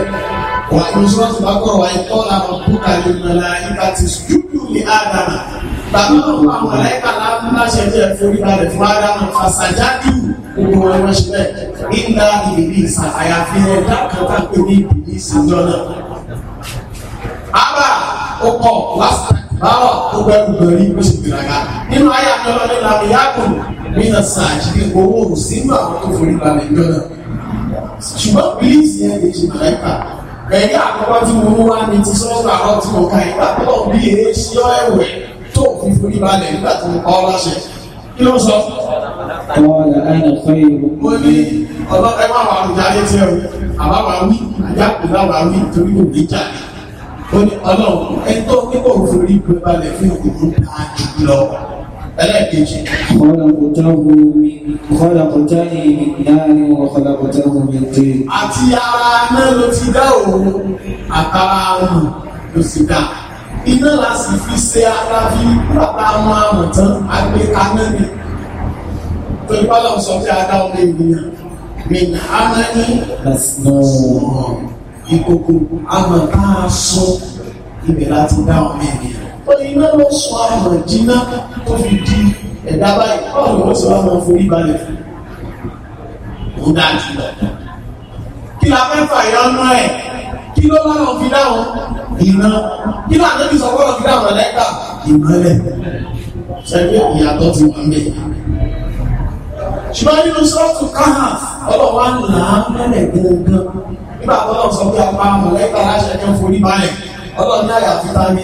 wà ní sọ́tọ̀ bá kọ̀ wáyé kọ́ làwọn búkà lè mọ̀lá ìgbà tí sùdúdú ní adam bàbá náà wà wọn láìka láṣẹ tí ẹ forí balẹ̀ fún ara náà fàṣàjáde gbogbo wọn wọn ṣe bẹ́ẹ̀ nígbà ìbílí ìsà àyàfi ẹ̀dá kan tá pé ní ìbílí ìsìnjọ náà. àbá ó kọ báwọ ó bẹ̀rù bẹ̀rù ó sì gbìyànjú nínú ayé àjọyọ̀ nínú àmì yàgò nínú sàájì owó òsínú àwọn tó forí balẹ̀ jọ náà. ṣùgbọ́n bílíìsì yẹn lè ṣe màláìka ẹ̀rí àkọ́kọ́ tí mo mú wá ní ti sọ́ọ́sì àwọn tí mo ka ìgbà tó ń bí èé ṣíọ́ tó fi forí balẹ̀ nígbà tó ń kọ́ lọ́sẹ̀ kí ló sọ. Kọ́lá ẹnì fẹ́ ìlú. Mo ní ọ̀dọ́ ẹ má wà àwùjá ayé tiẹ̀ o, àbá wà wí, àjá kò dá wà wí torí kò ní jà. Ó ní ọlọ́run ẹ tó kíkó forí balẹ̀ fún òkùnkùn náà jù lọ. Ẹlẹ́ẹ̀kejì. Kọ́lá kò tán wo kọ́lá kò tán ní ìdáhàní wọn kọ́lá kò tán wọn yẹn tẹ́. Àti ara náà ló ti dá òun, àtàrà òun ló sì dá iná la sì fi ṣe ara fi bàbá mọ àmọ̀ tán àgbẹ̀ kaná ni torí bá lọ́n sọ pé adá ọmọ ènìyàn mìnà áná ní ìkòkò àmọ̀ tá a sọ ibẹ̀ láti dá ọmọ ènìyàn ó iná ló sọ àmọ̀ jiná tó fi di ẹ̀dá báyìí báwo ni wọ́n sọ àmọ̀ forí balẹ̀ fún un ó dájú lọ kí la fẹ́ fàyọ́ náà ẹ̀ kí ló láwọn fi dáhùn ìná kí ló àdébí sọ fọ́lọ̀ fi dáhùn ẹ̀lẹ́gbà ìmọ́lẹ̀ sẹ́gbẹ́ ìyàtọ̀ ti wà mẹ́ ṣùgbọ́n nínú sọ́ọ̀tù káhà ọlọ́wà ńlá mẹ́lẹ̀ gangan nígbà tó lọ sọ pé a pa mọ̀lẹ́gbà láṣẹ kan forí balẹ̀ ọlọ́run náà yà fúta ní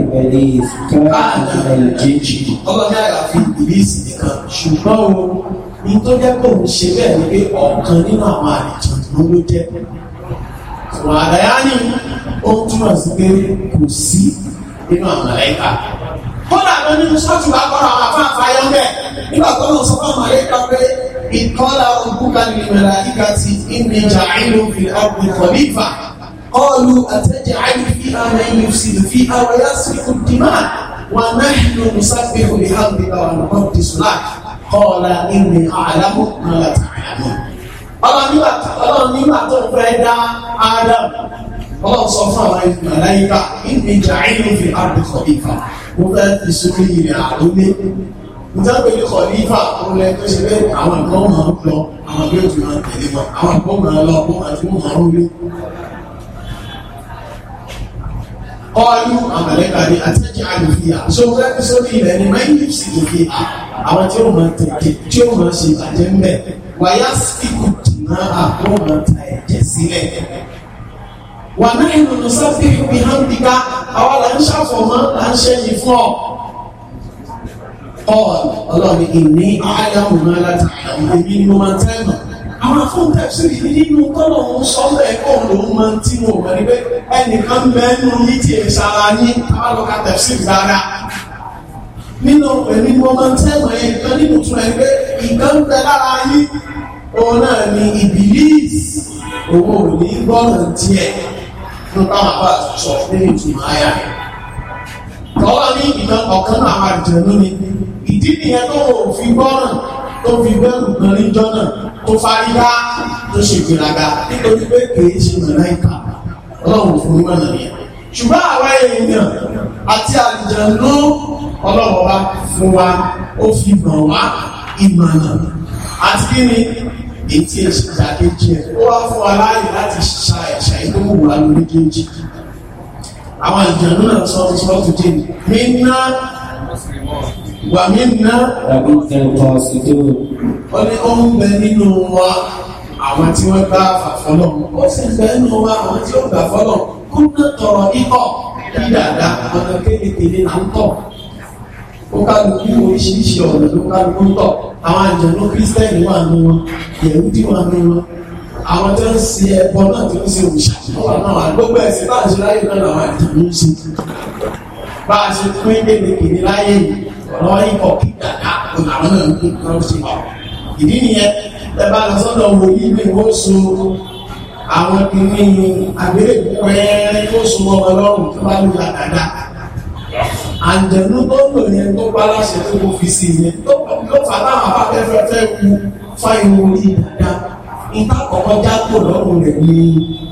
ìbẹ̀rẹ̀ ìfúkẹ́ àti ìjẹ́jì ọlọ́run náà yà fi ìbílísì nìkan ṣùgbọ́n o ní tó jẹ́ pé òun ṣe bẹ́ẹ̀ ni pé ọ̀kan nínú àwọn àlejò ló ló jẹ́ wàdáyání ó túmọ̀ sí pé kò sí nínú àwọn màláíkà kódà lọ nínú sọ́ọ̀tù bá kọ́ra àwọn afáàfáà yọ bẹ́ẹ̀ nígbà tó lọ sọ fún pé ìkọ́lá òkúta ní màláíkà ti ìní ìjà ìlú fi ọ̀gbìn kọ̀lífà kọ́ọ̀lù àtẹ́jẹ́ àìlú fi àwọn ẹ̀yìn sí fi àwọn ẹ̀yà sí ìdìmá wọn náà nù musáfihù ìhàbí àwọn ọ̀gbìn sùlá kọ́ọ̀lá ìní àlámù mọ́lá tààmù ọlọ́run nígbà tó ń fẹ́ dá Adam ọlọ́run sọ fún àwọn ìmọ̀láyíká ìgbì ìjà ìlú fi àdìkọ̀ ìfà mo fẹ́ fi sórí ilẹ̀ àdúlé mo fẹ́ pé ìkọ̀ ní ìfà mo lẹ tó ṣe pé àwọn nǹkan máa ń lọ àwọn bí ojú máa ń tẹ̀lé wọn àwọn nǹkan máa ń lọ wọn àti wọn máa ń rí. ọlú àmàlẹ́kà ni àtẹ́jẹ́ àlùfíà so mo fẹ́ fi sórí ilẹ̀ ni mẹ́yìn sì lè fi àwọn tí ó máa tẹ̀kẹ́ tí ó wàyà síkù dìnnà àkóhùn ta ẹ̀jẹ̀ sílẹ̀. wà náà ìrònú sáfì ìbí hàndíkà àwa là ń ṣàfọ̀mọ́ là ń ṣẹ́yìn fún ọ. ọ̀ọ́n ọlọ́run ìní àyàwó náà láti àyàwó mi ni mo máa tẹ́ mọ̀. àwọn afọ́ntẹ́sì yìí nínú tọ́lọ̀ ń sọ bẹ́ẹ̀ kọ́ ló ń máa tí mo mọ̀ níbẹ̀ ẹnìkan mẹ́nu ní tiẹ̀ sára ní alọ́kàtẹ̀sì rárá. nínú ẹ̀mí mo máa tẹ́ mọ̀ ẹ̀kan nínú tún ẹgbẹ́ ìkan tẹ lára yín òun náà ni ìbílíìs òun ò ní gbọ́ràn díẹ̀ nípa bàbá sọ nínú ìtumọ̀ ayá rẹ̀. tọ́lá ní ìkan ọ̀kan náà máa jẹ̀ lónìí ìdí nìyẹn tó ò fi gbọ́ràn tó fi bẹ́rù gan níjọ́ náà tó fárígá tó ṣègbéraga nítorí pé kìí ṣe mọ̀lá ìka ọlọ́run fún wọn nìyẹn. ṣùgbọ́n àwa èèyàn àti àlìjẹ̀nú ọlọ́wọ́ wa fún wa ó fi hàn wá ìmọ̀nà àti kí ni ètí ẹ̀ṣẹ̀ ìdàkejì ẹ̀ ó wá fún aláàyè láti ṣa ẹ̀ṣà ìlú wà lórí kejì àwọn ìjànú náà sọ fún sọ́ọ̀tù dé mí ná wà mí ná ó ní ó ń bẹ nínú wa àwọn tí wọ́n bá fà fọ́lọ̀ ó sì ń bẹ nínú wa àwọn tí ó gbà fọ́lọ̀ kúndà tọrọ ikọ̀ kí dáadáa ọ̀nà kéékèèké ní à ń tọ̀ ó kálukú oríṣiríṣi ọ̀nà ló kálukú tọ̀ àwọn àjọ̀nú kírísítẹ́nì wà nù wọn yẹ̀wúdí wà nù wọn àwọn tó ń ṣe ẹbọ náà tó ń ṣe òrìṣà wà náà wà gbogbo ẹ̀sìn bá a ṣe láyé náà làwọn àjọ̀nú ń ṣe bá a ṣe pín kékeré láyé yìí ọ̀rọ̀ ikọ̀ kí dàda làwọn náà ń gbé kọ́ sí wa ìdí nìyẹn ẹ bá lọ sọ́dọ̀ wòlíì ní ìwọ so àwọn kìnnìún àgbélébùú ẹ̀ẹ́rẹ́ yóò àjẹ̀nú tó ń lò yẹn tó bá láṣẹ tó kò fi sí yẹn tó ló fà láwọn abáfẹ́fẹ́ fẹ́ ku fa irun orí dada ìta kọ̀kọ́ já kó lọ́rùn rẹ̀ ní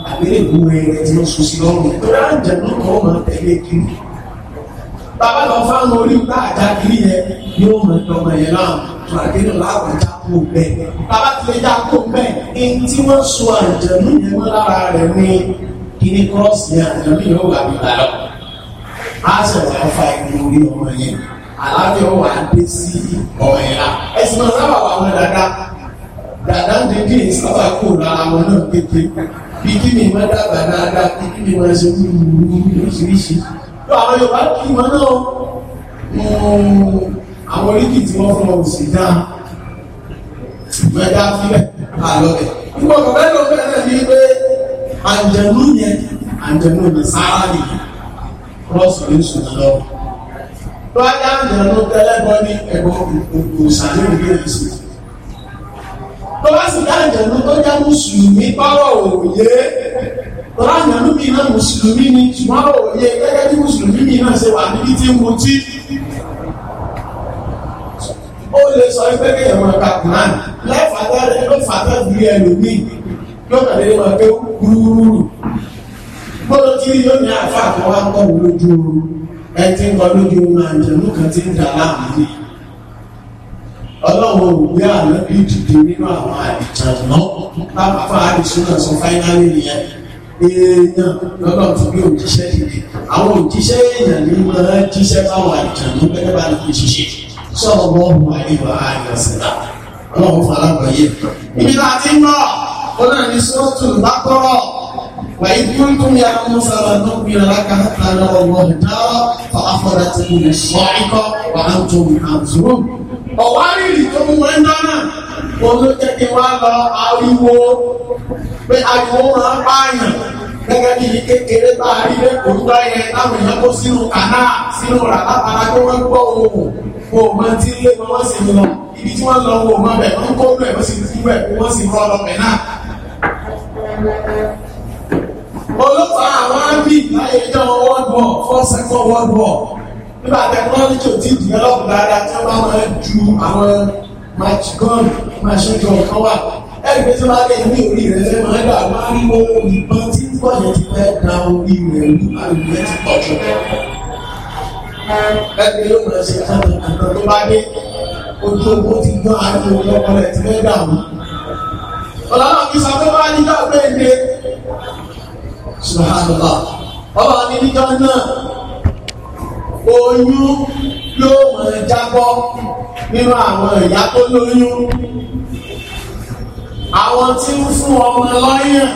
àgbélébù rẹ̀ tí ó sùn sí lọ́rùn rẹ̀ torí àjẹ̀nú kan máa tẹ̀lé kiri bàbá lọ fáwọn orí ìta àjà kiri yẹn yóò mọ̀ ọmọ yẹn láwọn tó àdéhùn láwọn já kó bẹ́ẹ̀ bàbá ti lè já kó bẹ́ẹ̀ ẹni tí wọ́n so àjẹ̀nú yẹn lára rẹ̀ ní kíní kọ́ọ̀sì àjẹ̀nú yóò wà nígbà lọ́wọ́ á sọ̀rọ̀ ẹ̀ fa ẹ̀mí orí ọmọ yẹn àlàáfíà wà á dé sí ọmọ yẹn la ẹ̀sìn náà sábà wà wọn dáadáa dáadáa ń dín kí n sábà kó lára wọn náà kété kíkí mi máa dàgbà dáadáa kíkí mi máa ṣe wúlúwúlú oríṣiríṣi tó àwọn Yorùbá kí wọn náà hmm, àwọn o tí wọ́n fún ọ kò sí dáa mẹ́ta fílẹ̀ àlọ́bẹ̀ nígbà kọ̀ọ̀kan lọ́bẹ̀ náà ní pé àjẹ̀nú yẹn àjẹ̀nú yẹn sáárà nìyẹn rọ́ọ̀sì lóṣù lọ. lọ́jà ń dẹ̀nu tẹ́lẹ́gbọ́n ní ẹ̀gbọ́n òkú sàlẹ̀ ìlú èsì. lọ́wọ́sì dá ìdẹ̀nu tó jẹ́ mùsùlùmí bọ́rọ̀ òye. lọ́wọ́ ìdẹ̀nu mi náà mùsùlùmí ni ṣùgbọ́n òye gẹ́gẹ́ bí mùsùlùmí mi náà ṣe wà níbi tí mo ti. ó lè sọ pé kéèyàn máa ka kùnán lẹ́fàá tẹ́lẹ̀ ló fà tẹ́lẹ̀ bí ẹlòmíì lọ́kàlẹ́ bọ́lá tí lónìí àfa kan wá kọ́ wò lójú ooru ẹ ti ń kọ́ lójú ooru àjẹmú kan ti ń dà láàmú ni ọlọ́run ò gbé àná bí dìde nínú àwọn àdìjàn náà pápá àdìsúná sọ fáínálì nìyẹn èèyàn lọ́dọ̀ tó bí òjíṣẹ́ dìde àwọn òjíṣẹ́ èèyàn ní máa jíṣẹ́ báwọn àdìjàn ní pẹ́ẹ́ bá lóko ṣiṣẹ́ sọ̀rọ̀ bọ́ọ̀mù àìwá àyọ̀sẹ̀lá ọlọ́run fún alágbàáyé. ibi láti ń lọ ó náà ní sọ́ọ̀tù lákọ́rọ̀. وإذ قلتم يا موسى لن نؤمن لك حتى نرى الله النار فأخذتكم الصاعقة وأنتم تنظرون ọ̀wárìrì tó mú wọn dáná wọn ló jẹ́ kí wọ́n lọ ariwo pé ariwo máa ń pààyàn gẹ́gẹ́ bí kékeré bá a rí lẹ́kọ̀ọ́ ńlá yẹn táwọn èèyàn kó sínú kàná sínú rà látara pé wọ́n gbọ́ ohun kò mọ tí ń lé wọn sì lọ ibi tí wọ́n lọ wò mọ́ bẹ̀ wọ́n kó bẹ̀ wọ́n sì ti bẹ̀ wọ́n sì rọ́ lọ bẹ̀ náà olóòtú àwọn army láyé ẹjọ́ world war four second world war nígbà technology ò ti develop dáadáa tí wọ́n bá máa ju àwọn machine machine gun kan wà ẹgbẹ́ tí wọ́n lè ní orí rẹ̀ lẹ́ máa dà máa ń mọ ìbọn tí pọ̀ yẹn ti fẹ́ da orí rẹ̀ ní àlùyẹ ti pọ̀ jù. ẹgbẹ́ yóò máa ṣe káàdì àná tó bá dé ojú owó ti gbọ́n àti òun ọkọ rẹ̀ ti fẹ́ dà wọ́n. ọ̀làwọ̀n kì sọ pé wọ́n á ní subhanallah ọba mi níjọ́ náà oyún yóò mọ̀ jábọ́ nínú àwọn ìyá tó lóyún àwọn tí ń fún ọmọ lọ́yàn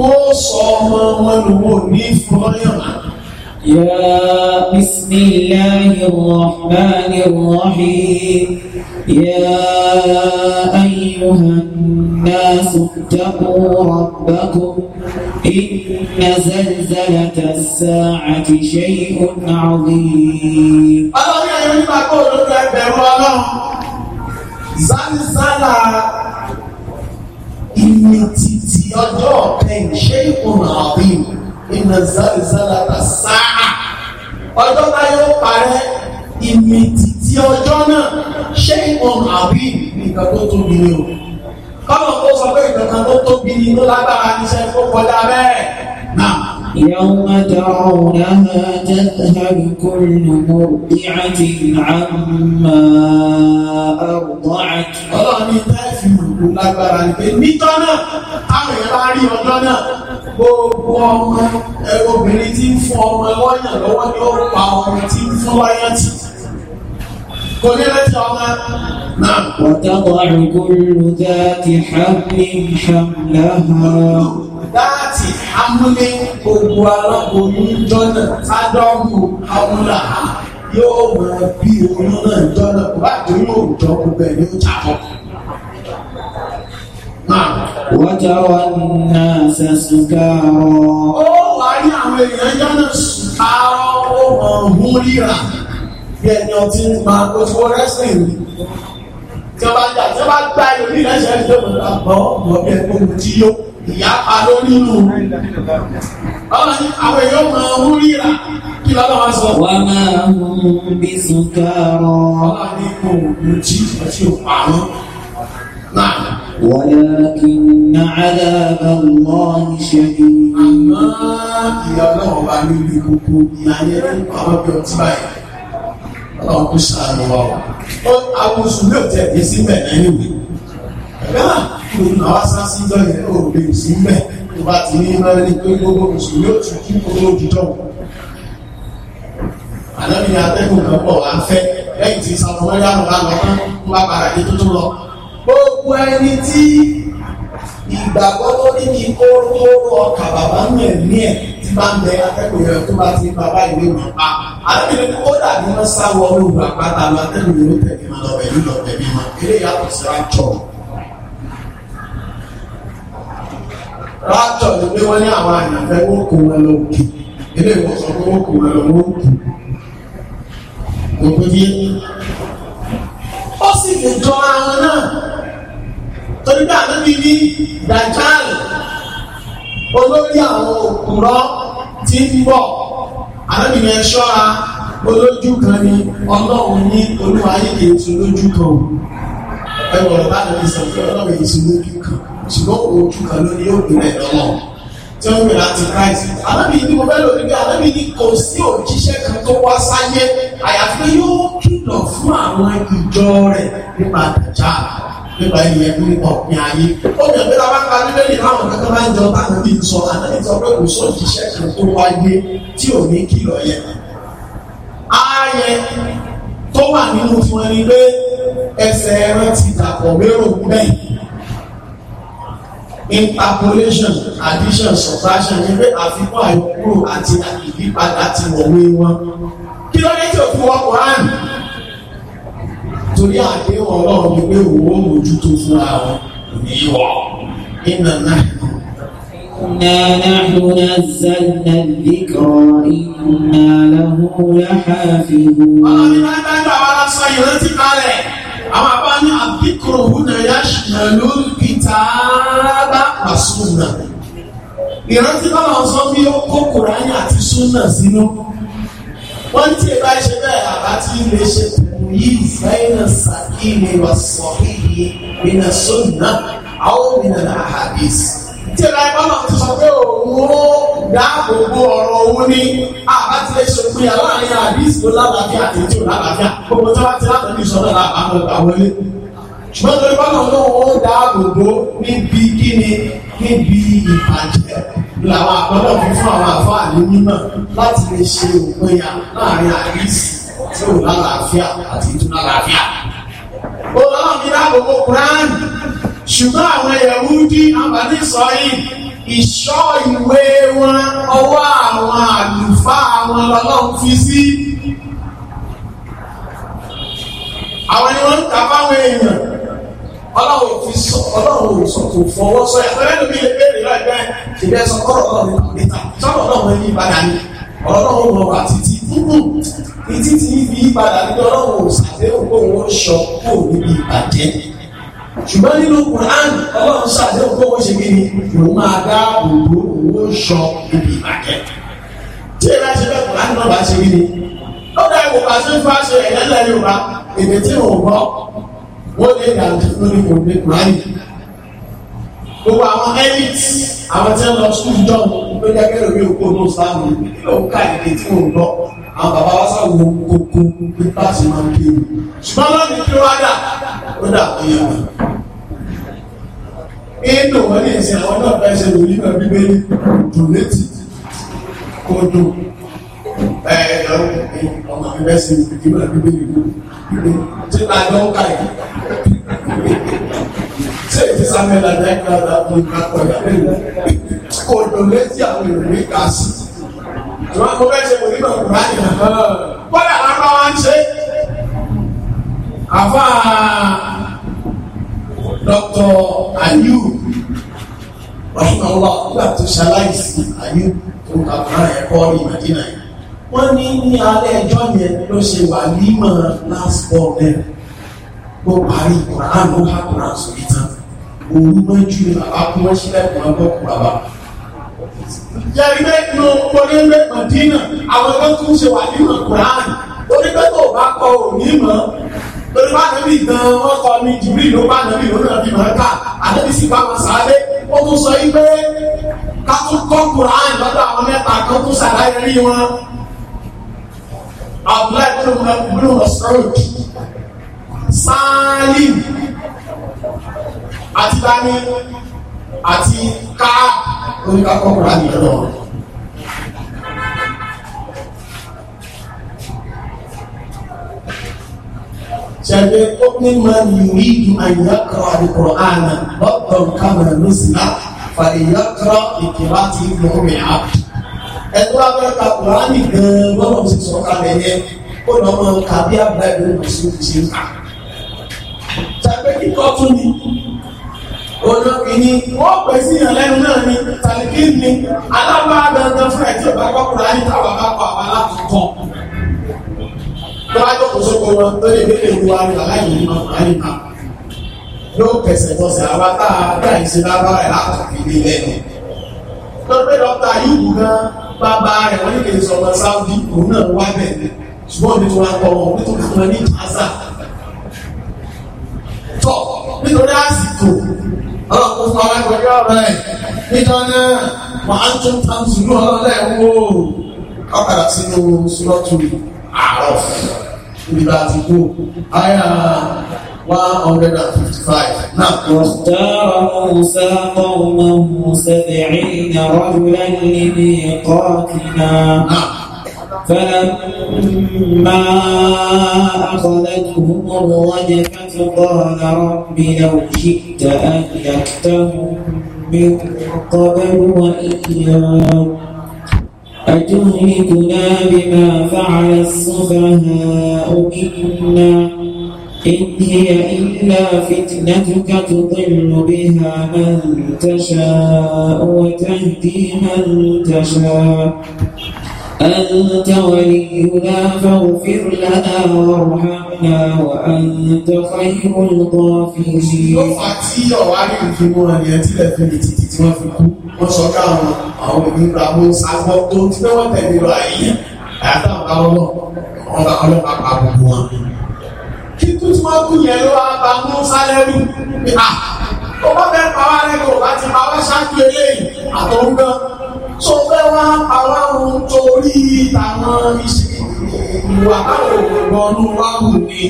ó sọ ọmọ wọn lòun ò ní fún lọ́yàn máa. يا بسم الله الرحمن الرحيم يا أيها الناس اتقوا ربكم إن زلزلة الساعة شيء عظيم zálísálà إن تتيجوا ọ̀pẹ ìṣe ìkùnà iná zálezálà ta sáà ọjọ́ tá yóò parẹ́ ìmìtìtì ọjọ́ náà ṣé ìwọ̀n àbí nǹkan tó tóbi ni o kọ́nà tó sọ pé ìkankan tó tóbi ni ló lágbára níṣẹ́ tó kọjá bẹ́ẹ̀ náà. يوم ترونها تذهل كل مرضعة عما أرضعت. Ọlọ́run ní táìsì ìlú lágbára ní pé nítọ́nà táwọn èèyàn gbogbo ọmọ obìnrin tí ń fún ọmọ lọ́yàn lọ́wọ́ ni ó pa ọmọ tí ń fún lọ́yàn tì. kò ní lẹ́tí ọmọ وتضع كل ذات حمل حملها ذات حمل gbogbo aláboyún jọ́nà sádọ́mù حولها يوم في bí oyún náà jọ́nà kó bá tó yóò wọ́tàrọ̀ náà sẹ́sùkárọ̀. ó wà ní àwọn èèyàn yánà sùkárọ̀ ó hàn mú ríra bí ẹni ọtí ń pa oṣù rẹ́sìn ni. ìjọba ìjà tí wọ́n bá gbá ìlú ìrẹsẹ̀ ìjọba àgbọ̀ ọ̀gbọ̀n bí ẹgbẹ́ tí yó ìyá pa ló nínú. Báwo ni àwọn èèyàn máa ń ríra kí lọ́dọ̀ wá sọ? Wà á máa ń bí sùkárọ̀. Báwo ni kò ní jí àti òpàrọ̀ náà? ولكن عذاب الله شديد ìyá ọlọ́run bá ní ibi gbogbo ní ayé ní àwọ́jọ tí báyìí ọlọ́run kò ṣàánú wa o àwọn oṣù ló tẹ̀ dé síbẹ̀ lẹ́yìn mi ẹ̀rọ kò ní àwọn sásí lọ́yẹ̀ ó lè síbẹ̀ tó bá ni atẹ́gùn kan pọ̀ wá fẹ́ lẹ́yìn tí sàmúwẹ́lá ń bá lọ tán ń bá padà dé tó lọ. gbogbo ẹni tí ìgbàgbọ́ tó ní kí kóró ọkà bàbá ẹ̀mí ẹ̀ ti máa ń bẹ akẹ́kọ̀ọ́ yẹn tó bá ti ń bàbá ìwé wà pa àdébìnrin kó dàbí wọn sá wọ olùgbà pátá lọ akẹ́kọ̀ọ́ yẹn tẹ̀lé máa lọ pẹ̀lú lọ pẹ̀lú wọn eré yàtọ̀ sí ni pé ní àwọn wọn kò wọn lọ òkè wọn kò wọn lọ wọn torí bí ànábì ní dàjáàlì olórí àwọn òkúrọ́ ti ń bọ̀ ànábì yẹn ṣọ́ra olójú kan ni ọlọ́run ní olúwa yìí kì í tún lójú kan ẹwọ láti fi sọ pé ọlọ́run yìí tún lójú kan ṣùgbọ́n ojú kan ló ní yóò gbé rẹ̀ lọ́wọ́ tí wọ́n gbé láti Christ ànábì ní mo fẹ́ lò níbi ànábì ní kò sí òjíṣẹ́ kan tó wá sáyé àyàfi yóò kìlọ̀ fún àwọn ìjọ rẹ̀ nípa dàjáàlì nípa ìyẹn ní ọ̀pìn ayé ó yẹ pé lábá ka nílé yìí láwọn kankan máa ń jọ táwọn bí sọ àtẹ̀yìn sọ pé kò sọ òṣìṣẹ́ kan tó wáyé tí ò ní kìlọ̀ yẹn. ààyè tó wà nínú tiwọn ni pé ẹsẹ̀ ẹran ti dàpọ̀ wérò bẹ́ẹ̀ interpolation addition subtraction ni pé àfikún àyọkúrò àti àyípadà ti wọ̀wé wọn. kí ló dé tí òfin wọ́pọ̀ àrùn? torí àdéhùn ọlọ́run ni pé òwò mójútó fún àwọn òní wà nínú náà. إنا نحن نزلنا الذكر وإنا له لحافظون. àwọn àbá ní àbíkúrò húnà yá ṣìnà lórí kìtàbà àsúnà ìrántí báwọn sọ bí ó kó Kùránì àti súnà sínú wọ́n tí ìbá ṣe bẹ́ẹ̀ àbá tí ilé ṣe tẹ̀lú yìí bẹ́ẹ̀nà sàkíni wà sọ̀hí yìí nínà sọ́nà àwọn nínà nà àhàbíyèsí. tí ìbá ẹ̀kọ́ náà ti sọ pé òun ó dáàbò bo ọ̀rọ̀ owó ní àbá tí ilé ṣe pé aláàárín àhàbíyèsí ló lálàáfíà àti ètò lálàáfíà gbogbo tó bá ti látàbí ìṣọ́nà làbàmọ́ ìgbà wọlé ṣùgbọ́n torí bá náà ó dáàbò bo níbi kíni níbi ìbàjẹ́ làwọn àpọ́nà fi fún àwọn àfáà ní mímọ̀ láti lè ṣe òpinya láàrin àdísì tí ò lálàáfíà àti ìtura làáfíà. Olọ́run mi dáàbòbò Kúránì ṣùgbọ́n àwọn Yẹ̀wúdí àbádí sọ yìí ìṣọ́ ìwé wọn ọwọ́ àwọn àlùfáà wọn lọ́lọ́run fi sí. Àwọn ni wọ́n ń kà fáwọn èèyàn ọlọ́run fi sọ ọlọ́run sọ kò fọwọ́ sọ ẹ̀ pẹ́lú mi lè bẹ́ẹ̀rẹ̀ láìpẹ́ ìbẹ́ sọ kọ́rọ̀ náà ní àbíta sọ́kọ̀ náà wọ́n yí ìbàdàn ni ọlọ́run mọ̀ wá títí títí tí ibi ìbàdàn ni ọlọ́run ò sàdéhùn kó sọ kó níbi ìbàdẹ́ ṣùgbọ́n nínú Quran ọlọ́run sàdéhùn kó ṣe kí ni òun máa dá òdo òun sọ níbi ìbàdẹ́ tí ìbá ṣe bẹ́ẹ̀ Quran náà bá ṣe kí ni ó dá ìwòkà sí fáṣọ ẹ̀yẹ́lẹ́ Yorùbá èdè wọ́n lè dà lórí òní kùráyì. Gbogbo àwọn elite àwọn tí wọ́n lọ school jọ ló jẹ́ kẹ́rọ mi ò kó ní ìsìlámù kí ló ń ká ìdè tí mò ń lọ. Àwọn bàbá wa sáwọ gbogbo ní kíláàsì máa ń bí mi. Ṣùgbọ́n lọ́nà kí wọ́n dà ó dà ó yẹ wọ́n. Inú wọn ní ìsìn àwọn náà fẹ́ ṣe lórí náà bíbélì dùn létí kó dùn ẹ̀ẹ́dọ̀ ọmọ ẹgbẹ́ sí ìdíbò àbíbí ìlú tí náà ló ń káyì ṣé èyí sáfẹ́ làjẹ́ kí ọ̀dà tó ń ká pọ̀ yàrá ìlú kò lò létí àwọn èrò ní kásì. ìwọ́n kò fẹ́ ṣe kò nígbà kò ráyè náà kọ́dà lápá wá ń ṣe àfa Dr. Aliyu rahimahullah nígbà tó ṣaláìsí Aliyu tó kà fún ẹ̀kọ́ ní Madina yìí wọ́n ní ní alẹ́ ẹjọ́ yẹn ló ṣe wà nímọ̀ last ball bẹ́ẹ̀ ló parí kùrán ló ká kùrán sórí tán òun mọ́jú bàbá kí wọ́n ṣílẹ̀kùn ọgbọ́n kùrán bá yẹ̀rìmẹ́ inú onígbẹ́ mọ̀dínà àwọn ẹgbẹ́ tó ń ṣe wà nínú kùránì onígbẹ́ tó bá kọ òní mọ́ lórí bá nàbí gan wọ́n kọ ní jùlí ló bá nàbí lórí nàbí mọ́ ká àdébí sì bá wọn sáré ó tún sọ yí pé ká tún kọ́ kùránì lọ́dọ̀ àwọn mẹ́ta kan tún ṣàlàyé rí wọn Abdullahi bin Mas'ud Salim àti Tani àti Ká oníkàkọ́kùnrin àti ìjọba wọn. Ṣẹ̀gbẹ́ ó ní máa ń yìí ju àyíyàkọ̀ àdìkọ̀rọ̀ àná lọ́tọ̀ kámẹ́rà ló sì náà fàdíyàkọ̀ ìkìlá ti ń lọ́ọ́ mẹ́ àpò ẹ̀tọ́ abẹ́ka kùránì gan-an lọ́nà ti sọ kalẹ̀ yẹn kó lọ́ máa ń ka bí abúlé ìlú mùsùlùmí ṣe ń kà. tàbí kíkọ́ tún ni olóbìnrin wọ́n pè sí ìyànlẹ́nu náà ni tàbí ni alábàádandan fún ẹ̀jẹ̀ bá kọ́ kùránì táwọn bá kọ́ àwọn alákọ̀ọ́kọ́. lọ́wọ́ àjọkùn sóko wọn tó lè délé ìlú wa ní aláìní máa máa ní yóò kẹsẹ̀ tọ́sẹ̀ àwa tá a dá ìṣe lábára ẹ̀ látàkì lẹ́nu lọ́pẹ́ dọ́kítà yìí gan bàbá rẹ̀ wọ́n ní kì í sọ̀rọ̀ sáúdí òun náà wá bẹ̀ ṣùgbọ́n mi tó wá tọ̀ wọ́n mi tó fún ẹ ní àṣà tọ̀ nítorí àsìkò ọlọ́pọ̀ fún ọlá ìgbẹ́jọ́ rẹ̀ nítorí náà màá tún tán sùúrù ọlọ́lẹ̀ wò ọ̀kadà sínú sùúrọ̀tù àárọ̀ nígbà tí kò áyà واختار موسى قومه سبعين رجلا لميقاتنا نعم. فلما أخذتهم الرجفة قال رب لو شئت أهلكتهم من قبل وإياك أتهلكنا بما فعل السفهاء منا إن هي إلا فتنتك تضل بها من تشاء وتهدي من تشاء أنت ولينا فاغفر لنا وارحمنا وأنت خير الغافرين. ló fà tí ọ̀wá rí nǹkan mọ́ra ni ẹtí lẹ̀ fi lè títí tí wọ́n fi kú wọ́n sọ ká àwọn àwọn ìnira wọn sáfọ́ tó ti fẹ́ wọ́n tẹ̀lé lọ àyè àtàwọn ọlọ́pàá ọlọ́pàá pa gbogbo wọn tútùmọ́kù yẹn ló wá bá mú sálẹ́rù pé à ó bá fẹ́ pa wá lẹ́kọ̀ọ́ láti pa wá ṣáájú eléyìí àtọ̀hún gan tó fẹ́ wá pa wá ohun torí tàwọn iṣẹ́ ìwà báwo ìgbọ̀nù wá wù ní.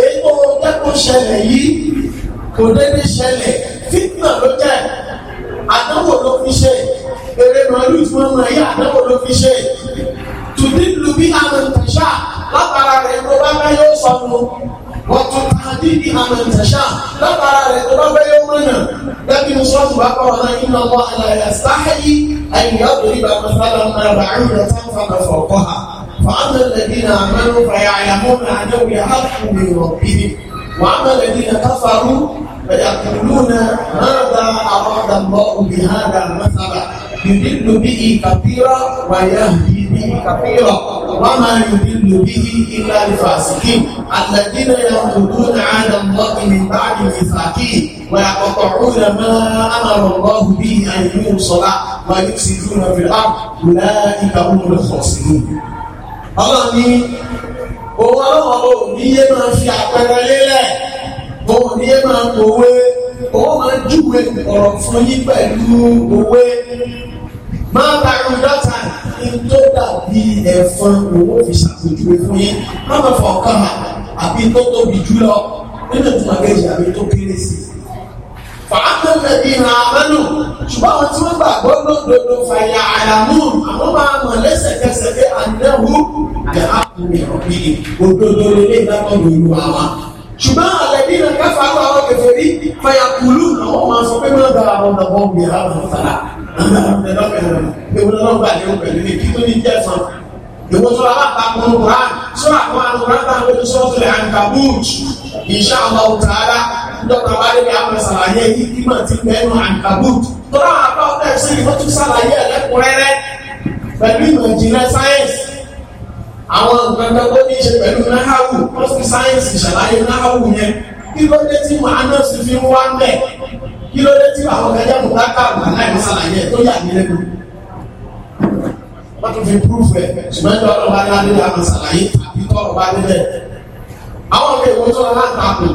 èyí tó dẹ́kun ṣẹlẹ̀ yìí kò déédéé ṣẹlẹ̀ fitna ló jẹ́ àdánwò ló fi ṣe eré màálù tí wọ́n àdánwò ló fi ṣe tùdí lùbí àmọ̀ ìtàṣà. sọ fún un wọ́n tún àdí ní àmàntàṣà lábàárà rẹ̀ tó bá fẹ́ yóò mọ̀nà lẹ́bí mo sọ́ọ̀tù bá kọ́ ọ̀nà iná ọmọ àlàyé sáhẹ́yì àyìnbá torí bàbá sálà máa rà áyùn rẹ̀ tán fàmà fọ̀kọ́ ha fàámà lẹ́bí na àmàlù fàyà àyàmọ́ nà àdáwò yà á kù mí rọ̀ bíbí wàámà lẹ́bí na káfàrú فيقولون ماذا أراد الله بهذا المثل يضل به كثيرا ويهدي به كثيرا وما يضل به إلا الفاسقين الذين ينقضون عهد الله من بعد ميثاقه ويقطعون ما أمر الله به أن يوصل ويفسدون في الأرض أولئك هم الخاسرون الله ní owó ọlọ́wọ́ ò ní yé máa fi àpẹẹrẹ lélẹ̀ ò ní yé máa kòwé owó máa júwe ọ̀rọ̀ fún yín pẹ̀lú òwe máa bá dọ́tà tó dàbí ẹ̀fọn owó fi ṣàpèjúwe fún yín má má fọ ọkàn mà àbí tó tóbi jù lọ nínú ìtumọ̀ kejì àbí tó kéré sí i. fàákùnrin ní ìhàn àmọ́nù ṣùgbọ́n àwọn tí wọ́n gbàgbọ́ lódodo fàyà àyàmú àwọn máa mọ̀ lẹ́sẹ̀kẹsẹ̀ pé àdéhùn àdéhùn ọ̀bí òdodo lélẹ́ ìdákan lóru àwọn. ṣùgbọ́n àlẹ́ nínú káfà àwọn kèfèrí fàyà kùlù àwọn máa sọ pé wọ́n dára àwọn ọ̀dọ̀ àwọn ọ̀rẹ́ lọ́pẹ̀lú ewu lọ́gbà ní pẹ̀lú ní kí tó ní jẹ́sán ìwọ tó wà lápá kan kúrá sọ́ra kan àkùrá tá a lórí sọ́ọ̀tù rẹ̀ àǹkà búùtù ìṣá ọmọ òtàlá dọ́kà wálé bí àwọn ṣàlàyé yìí kí mọ̀ ti mẹ́nu àǹkà búùtù tọ́lá àwọn apá ọ̀tá ẹ̀sìn ìwọ́n tún ṣàlàyé ẹ̀lẹ́kùnrẹ́rẹ́ pẹ̀lú ìmọ̀ ìjìnlẹ̀ sáyẹ́ǹsì àwọn nǹkan kan tó ní í ṣe pẹ̀lú náhàwù wọ́n ti sáyẹ́ǹsì ṣàlàyé náhàwù yẹn kí ló dé tí mọ̀ kí ló dé tí àwọn kan jẹ́ mùtá káàbù aláìmọ́ sàlàyé ẹ̀ tó yà mí lẹ́nu. wọ́n tún fi púrúfù ẹ̀ ṣùgbọ́n tí ọlọ́ba ní adúlá máa sàlàyé tàbí tọ́rọ̀ bá níbẹ̀. àwọn ọmọ èèwọ̀ tó lọ́la ń takò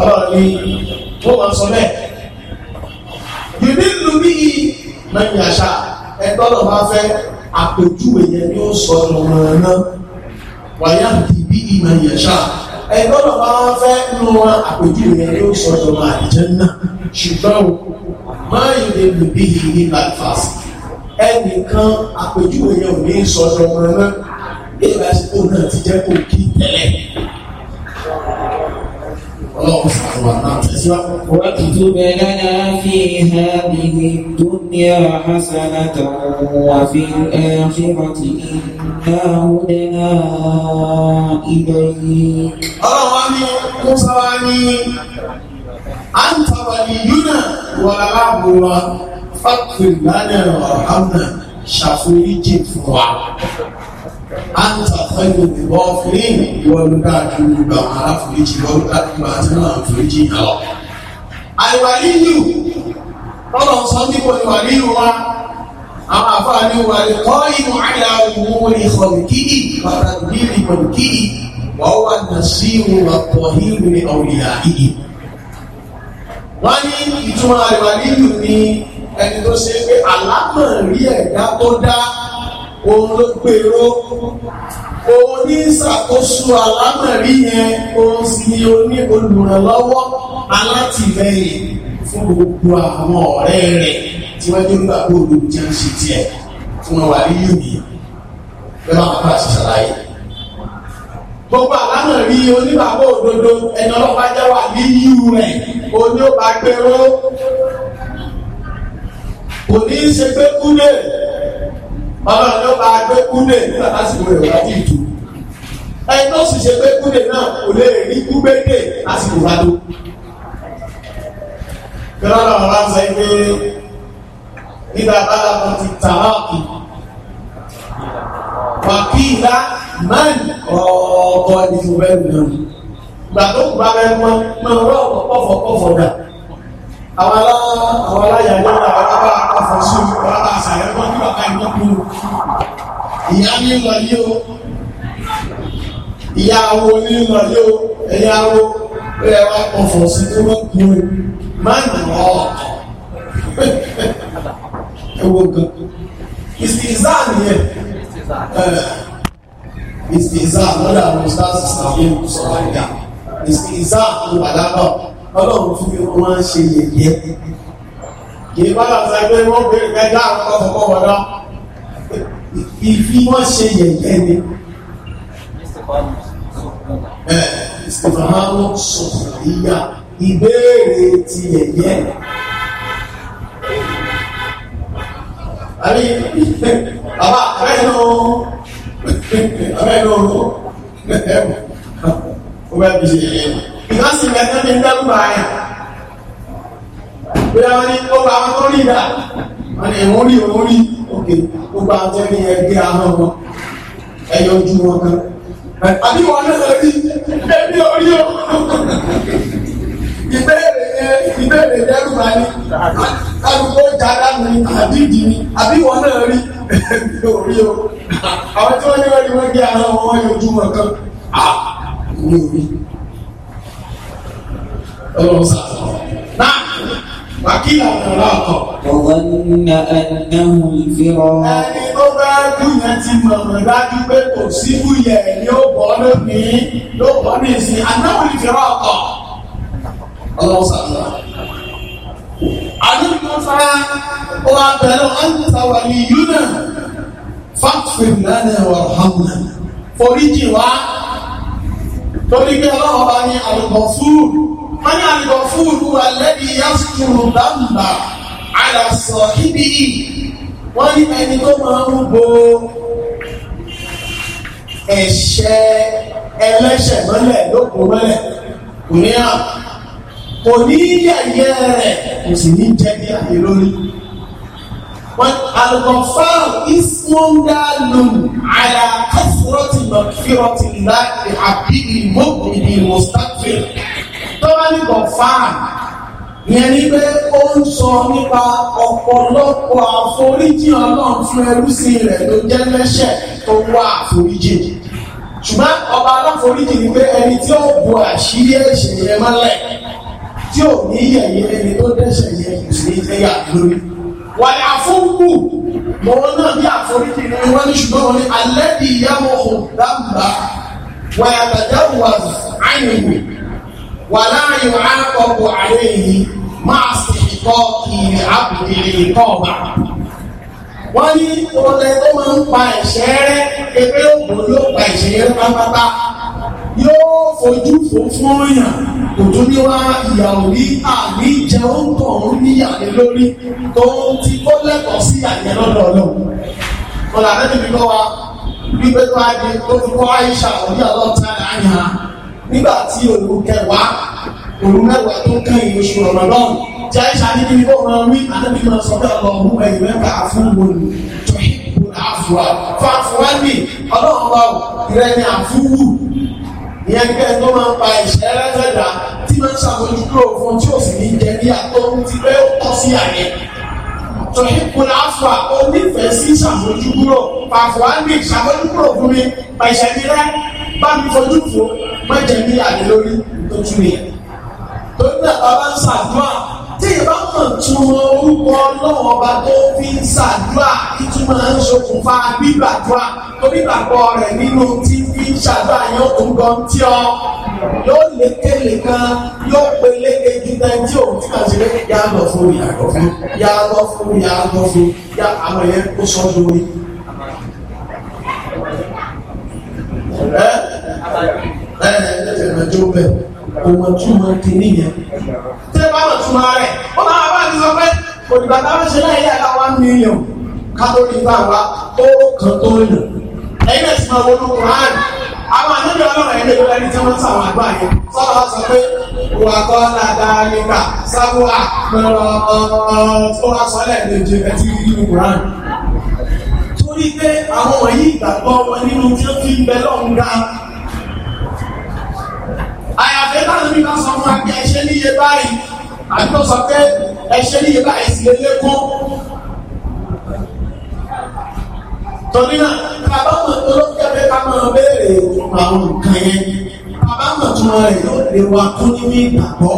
ọlọ́run ni wọ́n máa sọ bẹ́ẹ̀. yìnyín lu bí mẹ́rin àṣà ẹgbẹ́ ọlọ́ba fẹ́ àpèjúwe yẹn ni sọ ọ̀nà náà wàyà bíbí ìmọ̀ ìyẹ̀ṣà ẹ̀dọ́nà bá wọ́n fẹ́ nínú wọn àpèjì rẹ̀ yóò sọ ọmọ àdìjẹ́ náà ṣùgbọ́n máa yìí lè lò bí i ní bàfàsì ẹnìkan àpèjì rẹ̀ yóò ní sọ ọmọ náà bí ìgbà tí kò náà ti jẹ́ kò kí tẹ́lẹ̀ ọlọ́run sàánú wa náà tẹ̀síwá. wàtútù bẹ̀rẹ̀ náà fi hà níbi dúnìá hasana tàwọn fi ẹ̀ṣẹ̀wàtì ìdáhùnẹ́nà ibẹ̀ yìí. ọlọ́run wa ní musa wa ní àǹtàwálì yúnà wà láàbù wa fàkùrì lánàá ọ̀hánà ṣàforíjì fún wa àǹtà fẹ́lú ìwọ fìrí ìwọ ló dáa kí ló gba àwọn aláforíjì ìwọ ló dáa kí ló àti náà àforíjì yàn lọ. àìwà yíyù lọ́dọ̀ sọ níbo ìwà yíyù wa àwọn àfáà ní wà lè kọ́ inú àyà òun ní ìkọ̀lùkìdì pàtàkì ní ìkọ̀lùkìdì wọ́n wà nà sí ìwà pọ̀hìrì ní ọ̀rìyà yìí. wọ́n ní ìtumọ̀ àìwà yíyù ní ẹni tó ṣe pé àlámọ̀ rí ẹ̀dá tó dá òun ló gbèrò òun ní ṣàkóso alámọ̀rí yẹn òun sì ni oní olùrànlọ́wọ́ alátìlẹ́yìn fún gbogbo àwọn ọ̀rẹ́ rẹ̀ tí wọ́n jẹ́ gbàgbọ́ olùjẹ́ ń ṣe tiẹ̀ fún wa rí yìí lọ́wọ́ àwọn bá ṣe ṣàlàyé. gbogbo àlámọ̀rí onígbàgbọ́ òdodo ẹni ọlọ́pàá jẹ́ wà ní yíu rẹ̀ oní ó bá gbèrò kò ní í ṣe pé kúlẹ̀ ọlọ́run ló bá gbé kúndé nígbà lásìkò rẹ̀ wá dìtú ẹni tó sì ṣe gbé kúndé náà kò lè rí kúgbédè lásìkò wá tó. kíláà náà wá sọ pé nígbà bàbá kan ti tà á kù wàkìlá máa ń ọ̀ọ́kọ́ ẹni tó bẹ́ẹ̀ nù. ìgbà tó kù bá bẹ́ẹ̀ mọ́ ọ̀rọ̀ ọ̀pọ̀ dà àwọn aláyàwó àwọn afọ̀sù bàbá àṣàyẹ̀kọ́ ní bàbá ìjọpù ìyá ní lọ yí o ìyá awo ní lọ yí o ẹ̀yà awo rẹ̀ wá ọ̀fọ̀ sí tó wọ́n kú o máa nà ọ́ ẹwọ́ gan ìsìnzá nìyẹn ìsìnzá lọ́dọ̀ àwọn ìsìnzá sọ̀rọ̀ ìsìnzá ló wà lábọ̀ ọlọ́run fi wọ́n ṣe yẹ̀yẹ́ kìí bá làtà pé wọ́n bèrè pé dá àwọn ọkọ̀ wọ̀dá ìfi wọ́n ṣe yẹ̀yẹ́ ni. ìsìnkàmánú sọ̀rọ̀ ìyá ìbéèrè ti yẹ̀yẹ́. àbí bàbá abẹ́nu abẹ́nu ọ̀rọ̀ ẹ̀wọ̀n ó bẹ́ẹ̀ bí ṣe yẹ̀yẹ́ ìjọsìn gẹ́gẹ́ bí dẹ́rù bá yẹn bí wọ́n ní ó bá wọn tó rí dà wọ́n ní ìwọ́n rí òun rí òkè ó bá wọn tó rí ẹgbẹ́ àwọn wọn ẹ̀yọ ojú wọn kan àbí wọn náà rí ẹbí orí o ìbéèrè ìbéèrè dẹ́rù bá ní kálukó jára ní àbí ìdí ni àbí wọn náà rí ẹbí orí o àwọn tí wọ́n ní wọ́n ní wọ́n gbé àwọn wọn yóò ojú wọn kan ah mi ọlọ́run sàánú náà wákìlà ọ̀rọ̀ ọkọ̀. ọ̀wọ́n ẹ̀dáhùn ìfirọ́. ẹni tó bá dúnyẹn ti mọ̀ mọ̀ dájú pé kò síbú yẹ ni ó bọ́ lónìí ló bọ́ ní ìsìn àdáhùn ìfirọ́ ọkọ̀ ọlọ́run sàánú. àdúgbò kan fara ó wá bẹ̀rẹ̀ wọn ń tàwa ní ìlú náà fáfin lánàá wà hàmùnà foríjì wá torí pé ọlọ́run bá ní àlùkò fúrú. من الغفور هو الذي يذكر الذنب على صاحبه wọ́n ní ẹni tó máa ń bo ẹ̀ṣẹ̀ ẹlẹ́ṣẹ̀ mọ́lẹ̀ lókun mọ́lẹ̀ kò ní à kò ní yẹ̀yẹ́ rẹ̀ kò sì ní jẹ́ ní àyè lórí. Al-Ghaffar ismungalun ala kasrati magfirati láti àbí ìmọ̀kùnrin mustaqfir tọ́wọ́nì confam yẹn ni pé ó ń sọ nípa ọ̀pọ̀lọpọ̀ àforíjì ọlọ́run fún ẹrúsí rẹ̀ tó jẹ́ lẹ́ṣẹ̀ tó wá àforíjì ṣùgbọ́n ọba aláforíjì ni pé ẹni tí ó bu àṣírí ẹ̀ṣẹ̀ yẹn mọ́lẹ̀ tí ò ní yẹ̀yẹ́ ẹni tó dẹ́ṣẹ̀ yẹn kò sí ẹ̀yà lórí wàyà àfúnkù lọ́wọ́ náà bí àforíjì ni wọ́n ní ṣùgbọ́n wọn ní alẹ́ bí ìyá wọn kò dáàbà wàyà tàjà wà wàlá yóò á kọ́kọ́ àárẹ̀ yìí máa sì kọ́ ìrìn àbùdílé tọ́ọ̀bà. wọ́n ní olè tó máa ń pa ẹ̀ṣẹ̀ rẹ̀ ewé òògùn ló pa ẹ̀ṣẹ̀ rẹ̀ pátápátá yóò fojú fò fún èèyàn kò tún ní wá ìyàwó rí àmì jẹ oúnjẹ òun níyàwó lórí tó ti kó lẹ́kọ̀ọ́ sí àyẹ̀ lọ́dọ̀ ọlọ́run. ọ̀là rẹ̀ níbi kọ́ wa wípé tó á di tó fi kọ́ àìsà òní ọlọ́ọ̀tá àyà nígbà tí òru kẹwàá òru mẹ́wàá tó kàn yìí oṣù Ramadan jẹ́ ìṣàdí níbi kó máa wí àdébí máa sọ pé ọmọ ọmú ẹ̀yìn mẹ́ta fún gbòòlù tó ìbò àfùwà fàfùwà ní ọlọ́run bá rẹ ní àfúwù ìyẹn kẹ́ tó máa ń pa ìṣẹ́ rẹ́sẹ̀dá tí máa ń ṣàmójúkúrò fún tí ó sì ní jẹ ní àtọ́ ti pé ó tọ́ sí àyẹ tó ìbò àfùwà ó nífẹ̀ẹ́ sí ṣàmójúkúrò fàfùwà ní ṣàmójúkúrò fún mi pàṣẹ mi rẹ bá mi fojú fò mọ́jẹ̀ ní àdé lórí tó tún nìyẹn. torí náà bàbá ń ṣàdúrà tí ìbá mọ̀ túmọ̀ orúkọ ọlọ́run ọba tó fi ń ṣàdúrà ìtumọ̀ ń ṣokùnfà gbígbàdúrà torí ìgbàgbọ́ rẹ̀ nínú tí fi ń ṣàdúrà yóò tó ń gbọ́ tí ọ yóò lékele kan yóò pe léke jíjẹ tí òun ti kàn sí léke yá lọ fún yàtọ̀ fún yá lọ fún yá lọ fún yá àwọn yẹn kó sọ lórí ẹ̀ẹ́dẹ̀fẹ̀ máa jó bẹ̀ òun tún máa ti níyẹn. tí ẹ bá mọ̀ tún máa rẹ̀ ó máa bá ti sọ pé òdìgbà táwọn ṣe láyé àlá one million kátólì bá wa ó kàn tó yàn ẹ̀yin náà ti máa wọnú Quran àwọn àdébí ọlọ́run ẹ̀yìn lórí ẹni tí wọ́n sàwọn àgbà yẹn sọ́dọ̀ wá sọ pé wà kọ́ dáadáa nígbà sábúà lọ́rọ̀ tó wá sọ lẹ́ẹ̀mejì ẹtí nínú Quran. torí pé àwọn wọ̀nyí ìgbàgbọ́ wọn nínú tí ó fi ń bẹ lọ́hùn-ún dáa àyàfẹ́ táwọn mi máa sọ fún wa pé ẹ ṣe níye báyìí àbí tó sọ pé ẹ ṣe níye báyìí sì lélékún. torí náà bàbá mọ̀ tó ló kẹ́fẹ́ ká máa béèrè àwọn nǹkan yẹn bàbá mọ̀ tó wọn rẹ̀ lè wà kún ní ìgbàgbọ́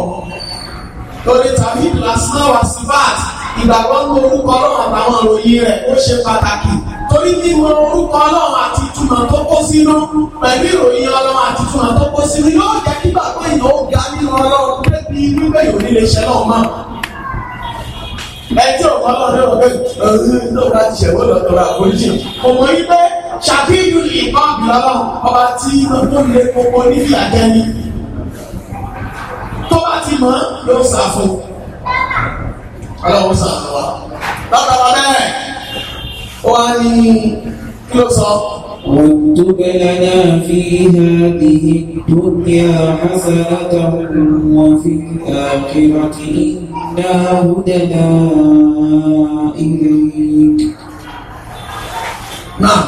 lórí tàbí lásán wà sí báàtì ìgbàgbọ́ ní orúkọ ọlọ́run àtàwọn ìròyìn rẹ̀ ó ṣe pàtàkì torí mímọ̀ orúkọ ọlọ́run àti ìtumọ̀ tó kó sínú pẹ̀lú ìròyìn ọlọ́run àti ìtumọ̀ tó kó sínú yóò jẹ́ kí gbàgbọ́ èèyàn ó ga nínú ọlọ́run pé bí wípé yóò nílé iṣẹ́ náà mọ́. ẹtí ọ̀pọ̀ ọlọ́run yóò gbé ọ̀hún ló bá ti ṣẹ̀wọ́ lọ́tọ̀ọ̀rọ̀ àforíjì òmò yí pé ṣàfihàn ìbọn ìlọ́lọ́ ọba tí ó lè kókó ọlọ́run sàn wá lọ́dọ̀ wa bẹ́ẹ̀ wọ́n á ní kí ló sọ. وَاتُّبِعْنَا فِي هَذِهِ الدُّنْيَا حَسَنَةً وَفِي الْآخِرَةِ إِنَّا هُدَنَا إِلَيْكَ نعم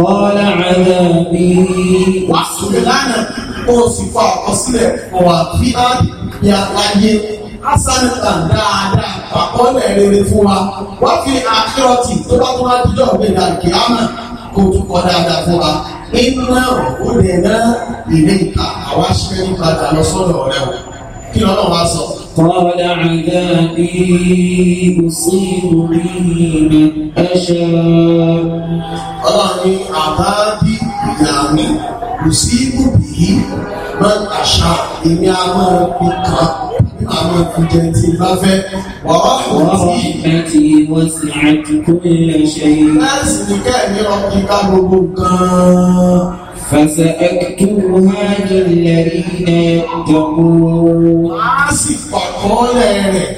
قال عذابي وَاسْتُبِعْنَا أُوْسِفَ أَصْلِحْ وَفِي آدِ يَا لَيْكَ حَسَنَةً دَعَدَا àkọọ́lẹ̀ rere fún wa wá fi àkírọ̀tì tó bá tó wá dídọ̀ gbẹ̀dà kìámà kó tún kọ́ dáadáa fún wa iná òde náà ìlé ìka àwa ṣe ń padà lọ sọ́dọ̀ rẹ̀ o kí lọ́nà wa sọ. قال عذابي أصيب به من أشاء ọlọ́ni àbábí ìyàmí kò sí ibùbí yìí máa ń àṣà àwọn ìfúnjẹ tí bá fẹ́ wàá ọ̀rọ̀ tí wọ́n sì àjùkú ilẹ̀ ṣe yìí. láti ní kẹ́ẹ̀mí ọkùnrin ká gbogbo gan-an. فسأكتبها للذين يتقون. a sì pàkọ́ọ́lẹ̀ rẹ̀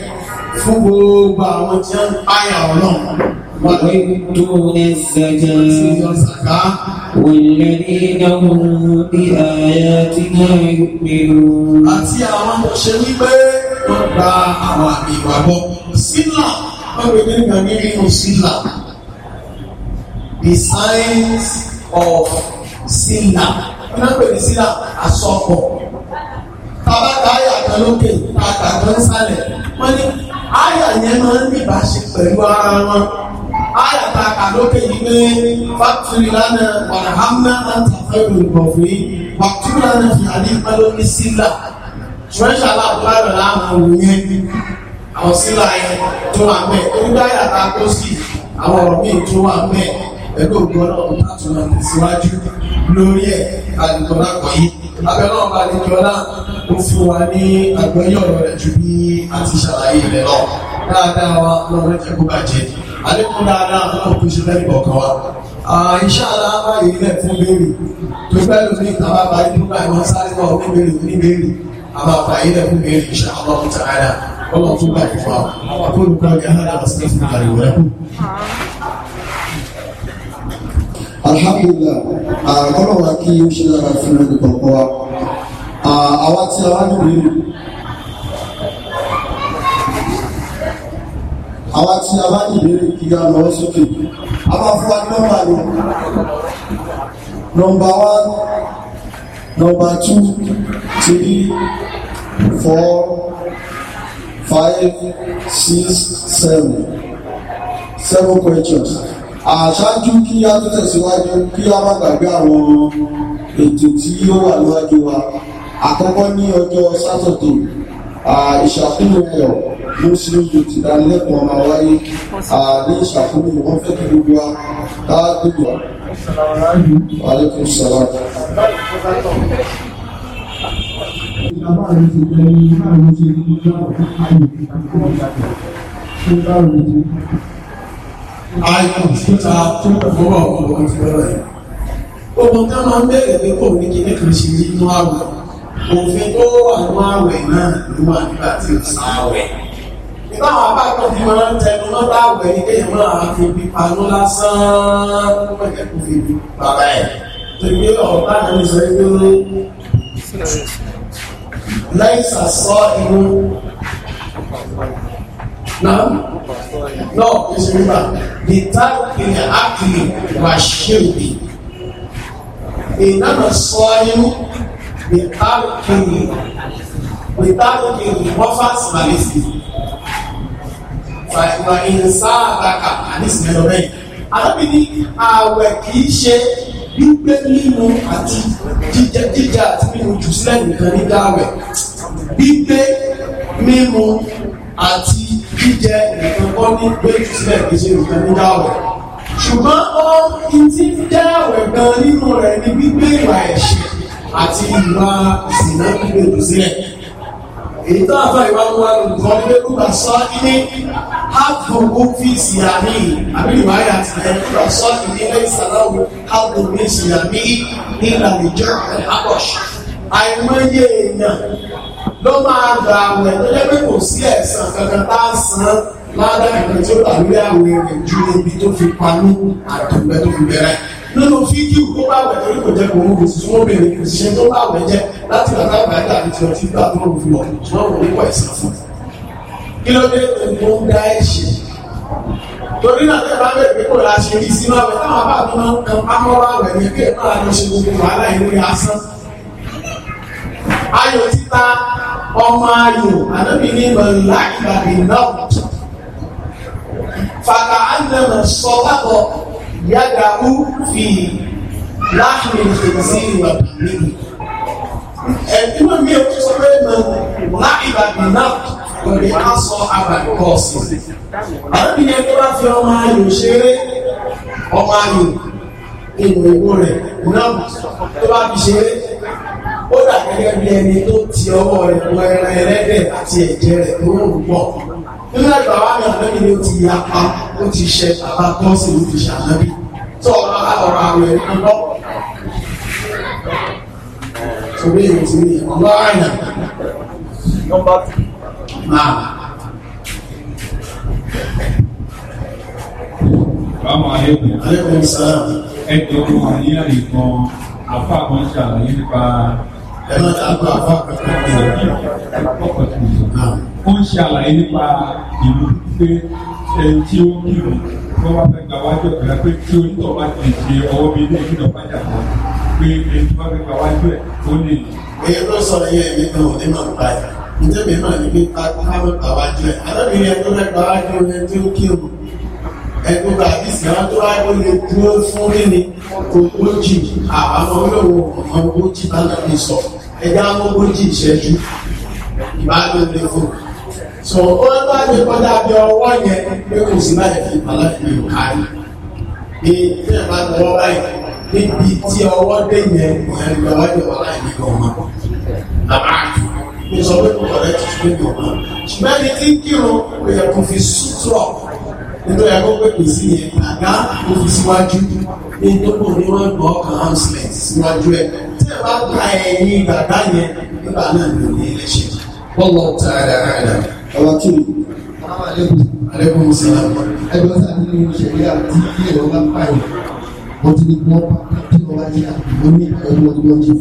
fún gbogbo àwọn tí wọ́n ń páyà ọlọ́run. ويؤتون الزكاة والذين هم بآياتنا يؤمنون àti àwọn tó ṣe wípé wọ́n gba àwọn àmì ìgbàgbọ́ sílà wọ́n gbé nígbà nínú sílà the signs of sílà wọ́n gbé ní sílà àsọpọ̀ tabata àyà kan lókè tààtà kan sálẹ̀ wọ́n ní àyà yẹn máa ń Ayà ta kà lókè yìí pé fàtúrì lánà wàhámà àtàfẹ́ olùkọ̀fẹ́ wàtúrì lánà fìhàní pẹ́lú ní sílà. Ṣùgbọ́n aláàbúrà rẹ̀ láwọn òwúyẹ́ àwọn sílà yẹn tó wà bẹ́ẹ̀. Oúnjẹ ayà ta kó sí àwọn ọ̀rọ̀ míì tó wà bẹ́ẹ̀. Ẹgbẹ́ ògbọ́nà ọ̀tá tó máa tẹ̀síwájú lórí ẹ̀ àdìgbọ́nà kọ̀ yìí abẹ́rẹ́ ọba àdìjọ́lá ó fún wa ní àgbẹ̀yọ̀ rẹ̀ ju bí a ti ṣàlàyé rẹ̀ lọ dáadáa wa lọ́wọ́ ẹ̀kọ́ bàjẹ́ alẹ́kùn dáadáa fún òkú sí lẹ́yìn ọ̀kan wa iṣẹ́ aláàbá yìí lẹ̀ fún béèrè tó fẹ́ lò ní ìtàwá bá yìí nígbà ìwọ̀n sáré náà fún béèrè ní béèrè àmà àbá yìí lẹ̀ fún béèrè iṣẹ́ aláàbá tó ara ọlọ́run tó gbà fún wa kó ló kọ́ yàrá àwọn sí fún àríwá ẹ̀kú. alhamdulillah àkọ́lọ́wà kí ó ṣe lára fún ẹnì kọ̀ọ̀kan wa àwa tí a wá nílùú àwa tí a bá ní kíga lọ́wọ́ sókè a máa fún wa nọ́mbà ni nọ́mbà one nọ́mbà two three four five six seven seven questions àṣáájú kí a tó tẹ̀síwájú kí a má gbàgbé àwọn ètò tí ó wà níwájú wa àkọ́kọ́ ní ọjọ́ sátọ̀dé ìṣàfihàn ẹ̀rọ muslim tó ti dá lẹ́kọ̀ọ́ máa wáyé ààrẹ ìṣàfihàn wọn fẹ́ kí gbogbo wa bá dùgbà alaikum salam Àìkàn tí ó ta tó pẹ̀lú ọ̀pọ̀ ọ̀pọ̀ ìfẹ́rẹ̀ yìí. Ogun tí a máa ń bẹ̀rẹ̀ pé kò ní kíní kan ṣe nínú àwẹ̀. Òfin tó wà nínú àwẹ̀ náà ló wà nígbà tí ó sáwẹ̀ táwọn abákan ti máa ń tẹnu mọ́ dáàbẹ̀ ní kéèyàn máa fi ibi panú lásán ló mọ̀ kẹ́kọ̀ọ́ fi ibi bàbá ẹ̀ tèmi ọ̀tá náà ní sọ pé lẹ́yìn sàsọ inú náà náà kò sí nípa bìtá ìyẹn ákìlì wà ṣéwì ìnáwó sọ inú bìtá ìyẹn bìtá ìyẹn wọ́n fà sí màlẹ́sì. Fàìwà ìsáàtàkà ànísìnyẹ́lọ bẹ́ẹ̀. Àlọ́bí ní ààwẹ̀ kìí ṣe gbígbé mímu àti jíjẹ jíjẹ àti mímu jù sílẹ̀ nìkan ní dáwẹ̀. Gbígbé mímu àti jíjẹ nìkan kọ́ ní gbé jù sílẹ̀ kìí ṣe nìkan ní dáwẹ̀. Ṣùgbọ́n ó ti ń jẹ́ àwẹ̀ gan nínú rẹ̀ ní gbígbé ìwà ẹ̀ṣẹ̀ àti ìwà ìsìnà gbígbé jù sílẹ̀ èyí tó àfà ìwà wọn olùkọ́ nílé kúrò sọ ní hàbùkù fi ìsìyàmí àbílùmọ́ ayé àti ìyẹn kúrò sọ ní ilé ìsàlọ́wọ́ hàbùkù ìsìyàmí ní ìlànà ìjọ àbọ̀ṣ àìmọye èèyàn ló máa gbà àwẹ̀ tó jẹ́ pé kò sí ẹ̀san kankan tá a san ládàá ìgbà tí ó tàbí àwẹ̀ rẹ̀ ju ibi tó fi pa ní tó fi bẹ̀rẹ̀ nínú fídíò tó bá wẹ̀ lórí kò jẹ́ kó mú òsì fún obìnrin kò sì ṣe tó bá wẹ̀ jẹ́ láti bàtà bàtà àti tiwọn ti gbà tó ń fi wọ̀ ṣùgbọ́n òun nípa ìsìn fún un. kí ló dé tó ń dá ẹ̀ṣẹ̀? torí náà tẹ́ bá bẹ̀ pé kò la ṣe rí sí máa wẹ̀ táwọn bá tó máa ń kan pámọ́ra wẹ̀ ní pé máa lọ ṣe gbogbo wàhálà ìwé asán. ayò títa ọmọ ayò àdébìnrin mọ̀ láì bàbí náà fàkà ánàmọ̀ sọ yàgàú fi láàrin ìfèsì ìwà bìíní. ẹ̀dínwó mi ò sọ pé mo láì bàbí náà lórí aṣọ àbàkọ́ ọ̀sìn. àbíyẹn tó bá fi ọmọ ayò ṣeré ọmọ ayò ìwò ìwò rẹ̀ náà tó bá fi ṣeré ó dà gẹ́gẹ́ bí ẹni tó ti ọwọ́ rẹ̀ wọ ẹran ẹlẹ́dẹ̀ àti ẹ̀jẹ̀ rẹ̀ tó rò pọ̀ nínú ẹgbà wa ní ànábì ni ó ti ya pa ó ti ṣe bàbá kan sì ló fi ṣe ànábì tó ọ̀rọ̀ ọ̀rọ̀ àwẹ̀ ẹ̀kọ́ lọ. torí èyí ti ní ẹ̀kọ́ láàyè. nọ́mbà tù. náà. báwo ayélujára. ayélujára sáà. ẹ jọ fún àyíká ìkan àfa àwọn ṣàlàyé nípa. ẹ má ta àgbà àfa kankan. ọkọ̀ tó ń sọ ó ń ṣe àlàyé nípa ìlú pé ẹni tí ó kírun wọ́n wá fẹ́ gba wájú ọ̀gá pé tí onítọ̀ bá ti ṣe ọwọ́ bíi ilé ìgbìmọ̀ pàjá kan pé ẹni tí wọ́n fẹ́ gba wájú ẹ̀ ó lè. èyí ló sọ yẹ èmi kan ò ní máa ń pa ẹ̀ ǹjẹ́ mi máa ní bí ká mọ̀ gba wájú ẹ̀ alábìrin ẹni tó fẹ́ gba wájú ẹni tí ó kírun ẹ̀kọ́ tàbí ìsìnkà tó wáyé ó dúró fún nínú ogójì àwọn ọmọ ogójì bá náà ní sọ ẹ̀dá so ó bá ti kọjá bí ọwọ́ yẹn pé kò sí láyé fi bàlá fi lè kárí ní bí ẹ bá lọ báyìí níbi tí ọwọ́ dé yẹn ìyẹn lọ wájú wàhálà yìí kan mọ́ bàbá mi sọ pé kò kọ̀rẹ́ ti fi mi mọ́ ṣùgbọ́n ní tí ń kírun kò yẹ kó fi sútúrọ̀ nítorí ẹ kó pèpè sí yẹn àgá kó fi síwájú ní tókò ní wọ́n gbọ́ ọkàn hanslet síwájú ẹ tí ẹ bá gba ẹ̀yìn gbàgbá yẹn nígbà náà ní ilé ṣe. wọ́n lọ tààrà àdàmù ọ̀rọ̀ kí ni. alẹ́kùn sọ̀rọ̀ ẹgbẹ́ sáà nínú ìṣẹ̀lẹ̀ àti ilé ẹ̀rọ bá pààyàn wọ́n ti ní kí wọ́n pa bí wọ́n bá jẹ́ àbúrò ní ẹ̀rọ tí wọ́n jẹ́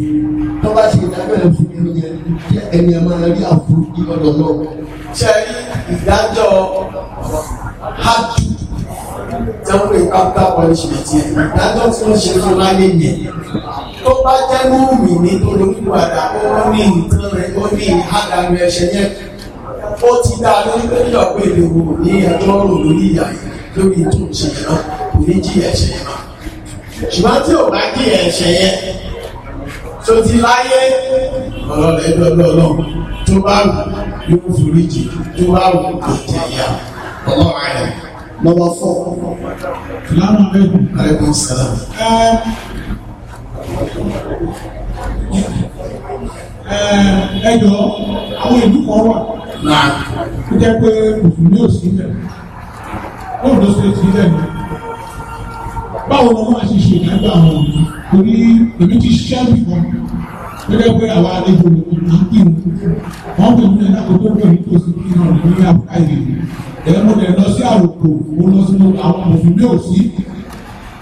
tó bá ṣe ìdábẹ̀rẹ̀ fún mi lóye kí ẹni ẹ̀ máa rí àfúrú ní ọ̀dọ̀ náà. ṣe ìdájọ́ hájú tẹ́wọ́n ìka bá wọlé ṣe ti ẹ̀ ìdájọ́ tí jẹ́ múmi ní tó lórí padà ó ní nǹkan rẹ̀ ó ní ìhádà rẹ̀ ṣẹ̀yẹ́ ó ti dá a lórí pẹ́lú ọ̀pọ̀ èdè wo ní ẹjọ́ lórí ìyá yìí lórí ètò ìṣẹ̀lẹ̀ náà kò ní jí ẹ̀ṣẹ̀ náà ṣùgbọ́n tí ò bá jí ẹ̀ṣẹ̀ yẹn tó ti láyé ọ̀rọ̀ rẹ̀ lọ́dọ̀ tó bá wù yóò forí jì tó bá wù kò jẹ ìyá ọlọ́run rẹ̀ lọ́wọ́ fọ́. Fìlànà ẹ̀dùn. Àrẹ́kùn sẹ́lẹ̀. Eh, ẹjọ́ àwọn ìlú kan wà tó jẹ́ pé mùsùlùmí osi sí ilẹ̀ lóòrùn ló ṣe ti ilẹ̀ mi báwo ni wọ́n ti ṣe àwọn òbí torí èmi ti nìkan tó pé àwa àlejò pè mí ní àbúrò lọ sí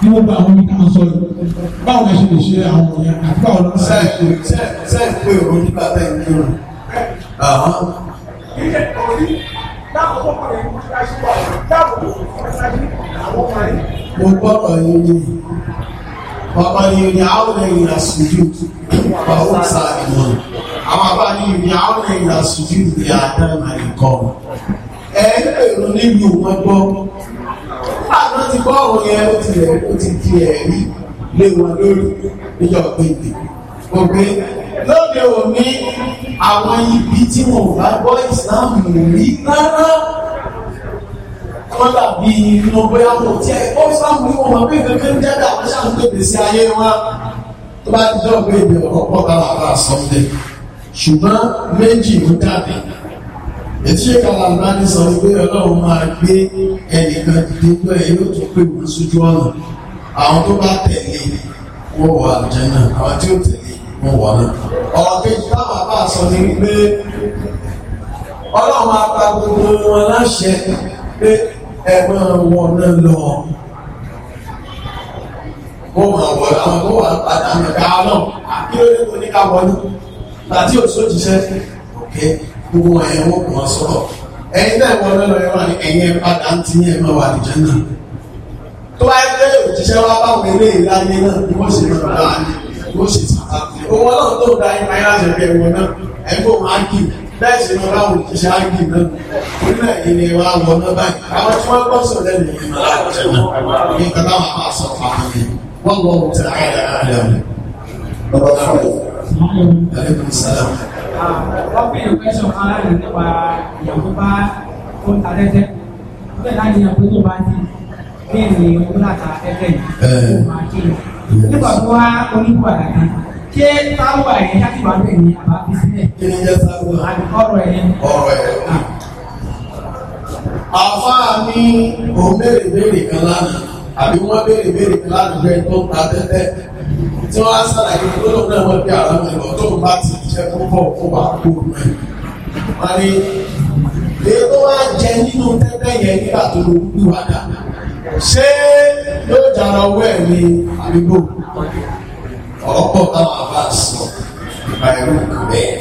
ní gbogbo àwọn omi náà sọ yìí báwo la ṣe lè ṣe àwọn ọ̀yà àti báwo la ṣe lè ṣe. ṣe é pé oníbàbá yìí ń rìn. ilé orí lákòókò kan yìí mo ṣáà ṣe wà láàbò ọ̀sájú àwọn ọmọ rẹ̀. mo gbọ́dọ̀ yín ni bàbá yìí ni àwọn ènìyàn àṣùjú báwo sá ìmọ̀ àwọn bàbá yìí ni àwọn ènìyàn àṣùjú ìyá àdáná ìkọ́ ẹ̀ ń pèrò níbi òun gbọ́ ti gbọ́ ọ̀rọ̀ yẹn ó ti rẹ̀ ó ti di ẹ̀rí lé wọn lórí níjọ́ gbèdè ògbé lóde òní àwọn ibi tí wọn ò bá gbọ́ ìsìláàmù rí rárá wọ́n dàbí inú bóyá kò tí ẹ̀ ó ìsìláàmù ní wọn pé kankan jáde àwọn ṣàǹtẹ̀bẹ̀ sí ayé wọn tó bá ti dọ̀gbé ìbẹ̀rẹ̀ ọ̀pọ̀ bá wà bá sọ́ndẹ̀ ṣùgbọ́n méjì ló dàbí ètí ìkàlàgbà ní sọ wípé ọlọ́run máa gbé ẹnìkan dìde pé yóò tún pè wọ́n sójú ọ̀nà àwọn tó bá tẹ̀lé wọ́n wà àlùjànnà àwọn tí ó tẹ̀lé wọ́n wà náà. ọ̀rọ̀ kejì táwọn bá sọ ni wípé ọlọ́run máa pa gbogbo wọn láṣẹ pé ẹ máa wọ náà lọ. ó máa wọ̀ àwọn tó wà padà mẹ́ta náà kí ló dé tó ní ká wọlé àti òṣòjìṣẹ́ òkè. Okay gbogbo wa yẹn wọ́n kò wá sọ̀rọ̀ ẹ̀yin náà wọ́n lọ́lọ́ yẹn wà ní ẹ̀yin ẹ̀ padà ń ti yẹn máa wà àdìjẹ́ náà tó bá yẹ pé òjíṣẹ́ wa bá wọn eré ìlànà náà bí wọ́n ṣe máa bá wọn bó ṣe sàkà owó ọlọ́run tó da ipa yẹn láti ẹgbẹ́ wọn náà ẹgbẹ́ wọn á kì bẹ́ẹ̀ sì ni ọlọ́run òjíṣẹ́ á kì náà orílẹ̀ èdè wa náà báyìí àwọn tí wọ́n gbọ́ wọ́n pè é pẹ́sọ̀ kan lánàá nípa ìyàwó bá ó ń ta tẹ́tẹ́ bẹ́ẹ̀ láti yàn pé tó bá ti bí ní onílàta tẹ́tẹ́ yìí ó máa kí lọ. nígbà tó wá oníbù àdàkà ṣé táwọn ẹ̀yẹ láti wà bẹ́ẹ̀ ni àbá fi sílẹ̀. kí ni jẹ́ táwọn? ọ̀rọ̀ ẹ̀yẹ. ọ̀rọ̀ ẹ̀yẹ. àfa mi ò béèrè béèrè kan lánàá àbí wọ́n béèrè béèrè kan lánàá bẹ́ẹ̀ tó ń ta tẹ́tẹ́ tí wọ́n á sàlàyé lọ́dọ̀ náà wọ́n bí ara wọn lọ tó ń bá ti jẹ́ tó pọ̀ kó wà kó mẹ́. wọ́n ní èyí tó wá jẹ nínú tẹ́tẹ́ yẹn nígbà tó ló wí wá dà ṣé yóò dára owó ẹ̀ ní àdúgbò ọ̀pọ̀ táwọn àbá sọ nípa ẹ̀rù bẹ́ẹ̀.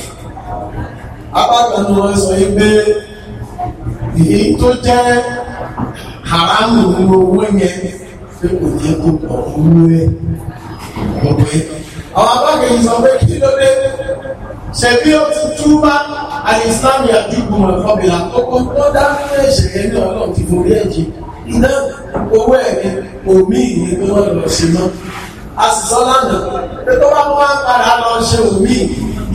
abákan ni wọ́n sọ yìí pé èyí tó jẹ́ haramu ní owó yẹn pé kò yẹ kó pọ̀ nínú ẹ̀ our is mo pé àwọn abákẹ́yìn sọ pé kí ló dé ṣebí ó ti túbá àìsàn àdúgbò ọ̀fọ́bìlà tó kọ́ tó dáná ẹ̀ṣẹ̀ yẹn ní ọlọ́run ti forí ẹ̀jẹ̀ iná owó ẹ̀mí omi ìní tó wọ́n lọ ṣe mọ́ a sì sọ lánàá pé tó bá wọ́n padà lọ ṣe omi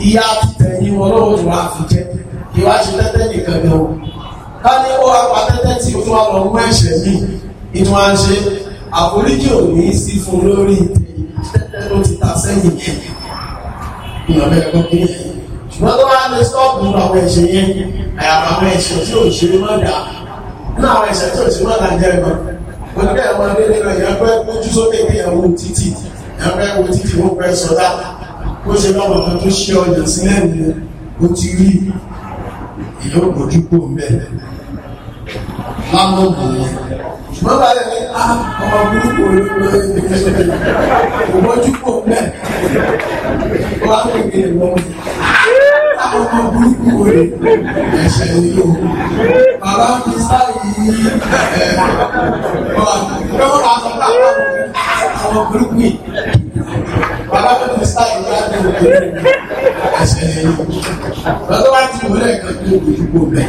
ìyá tẹ̀yìn wọn lọ́wọ́ tó wá fi jẹ́ ìwà ṣe tẹ́tẹ́ nìkan gan o ká ní ó wá pa tẹ́tẹ́ tí o tún wá lọ mú ẹ̀ṣẹ̀ míì ìtún á ṣe àforíjì ò ní í sí fún lórí ìtẹ́ tẹ́tẹ́ ló ti ta sẹ́yìn yẹn ìyàn bẹ́ẹ̀ kọ́ kí yẹn ṣùgbọ́n tó bá lè stọ́ọ̀pù nínú àwọn ẹ̀ṣẹ̀ yẹn àyàfà àwọn ẹ̀ṣẹ̀ tí ò ṣe mọ́ dà nínú àwọn ẹ̀ṣẹ̀ tí ò ṣe mọ́ dà jẹ́ ẹ̀gbọ́n wọn bí ẹ̀wọ̀n nílé náà yẹn pẹ́ lójú sókè bí ẹ̀wọ̀n títì yẹn pẹ́ wo títì wọ́n pẹ́ sọ́dá bó ṣe lọ́wọ́ kan tó ṣe ọyàn sílẹ̀ nìyẹn ó ti rí ṣùgbọ́n bá yẹ kí á ah, ọmọ burúkú olóògbé kò bọ́jú pò mẹ́ ó wá pè mí lọ ah, ọmọ burúkú olóògbé ẹ̀ṣẹ̀ ni o bàbá mi sáyìí ẹ̀ ọmọ ah, ọmọ burúkú yìí bàbá mi sáyìí láti ọmọ ẹ̀ṣẹ̀ ni o lọ́dọ̀ wá ti wọlé ẹ̀ka tó o bójú pò mẹ́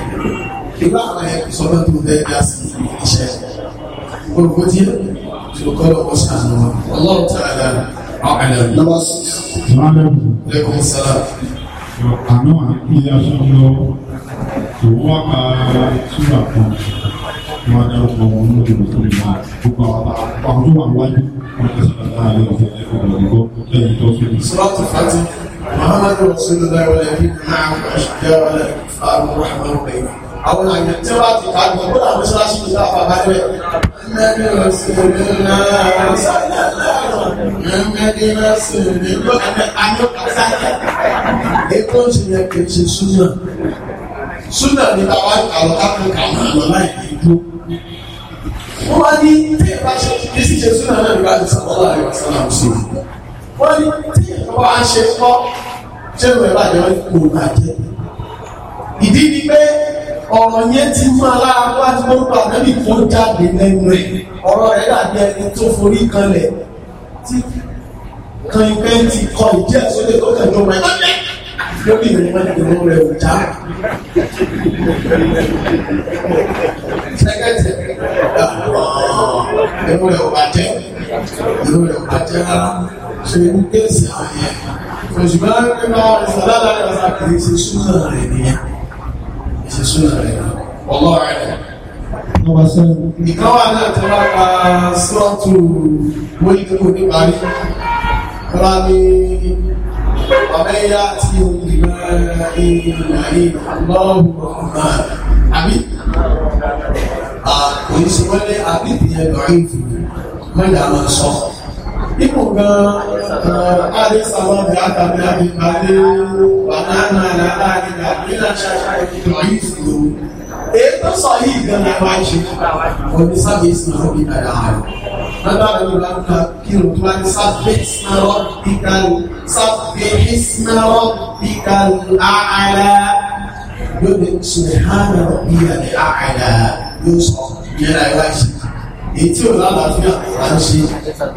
ìgbà àwọn ẹ̀kọ́ sọ́dọ̀ tó o bẹ́ẹ̀ dá sí iṣẹ́. والهدي في القلب وسبحانه والله تعالى أعلم نمس عليكم السلام àná àti aṣọ lọ ìwọ́ ka ṣúgbà kan wọ́n á dárúkọ wọn ní ìlú tó lè máa gbogbo àwọn àwọn tó wà wájú wọn ti sọ̀rọ̀ láàrin ọ̀sẹ̀ ẹ̀kọ́ ìgbàgbọ́ lẹ́yìn tó fi. sọ́ọ̀tù fati muhammadu rasulillah wa lẹ́yìn náà wọ́n ṣe jẹ́ wọn lẹ́yìn fáwọn rahman rahim. àwọn àyàn tí wọ́n ti kàgbọ́ kódà àwọn sọ́láṣí ti láfa bá rẹ̀. Mẹ́rin ọ̀sẹ̀ ní náà mẹ́rin ọ̀sẹ̀ ní náà. Ètò ìṣẹ̀lẹ̀ kejì súnà. Súnà ni bàbá àwọn kákan kàwọn àwọn láì ní igbó. Wọ́n wá ní tí ìbá ṣe kí sì ṣe súnà náà nígbà tí sọ́kọ́ láàrin ọ̀sán náà ṣe. Wọ́n ní tí ìbá wá ṣe kọ́ ṣé ìwé ìbàdàn kò bàjẹ́. Ìdí ni pé ọ̀rọ̀ yẹn ti máa láàárọ̀ àti gbogbo ànábì tó jáde lẹ́nu rẹ̀ ọ̀rọ̀ rẹ̀ dàbí ẹni tó forí kanlẹ̀ tí kan ìpẹ́ ti kọ ìdí àsọdẹ tó kàn ní ọmọ ẹ̀ lórí ìrìn wọn ni ìrìn rẹ̀ ò já. sẹ́kẹ̀tì ìrìn rẹ̀ ò bàjẹ́ ìrìn rẹ̀ ò bàjẹ́ rárá ṣe ń gbèsè àwọn yẹn òṣùpá ń gbé máa ń sọ lálẹ́ àgbà kìí ṣe súnà rẹ̀ nìyẹn súnà rẹ̀ ọlọ́ rẹ̀. ìkan wà náà tó bá pa sọ́ọ̀tù mọ́lìkù níparí rárá ní ọ̀rẹ́yà tí ó lè máa rí ìrìnàrí lọ́wọ́ ọ̀gbà àbí àkòyíṣẹ́ Ipò gan-an Adéṣàlọ́ ní àtàbí àgbègbàdé bànánà àlàlá àgbègbà nílà ṣáṣá ìdìbò yìí ti lò. Èyí tó sọ yìí gan-an ẹ̀wá ṣe ọdún sábẹ́sì náà bí dàda àrùn. Nígbà tó lọ bá kí n tó bá ní sábẹ́sì náà rọ̀ bí kan sábẹ́sì èyí tí ò lálàáfíà à ń ṣe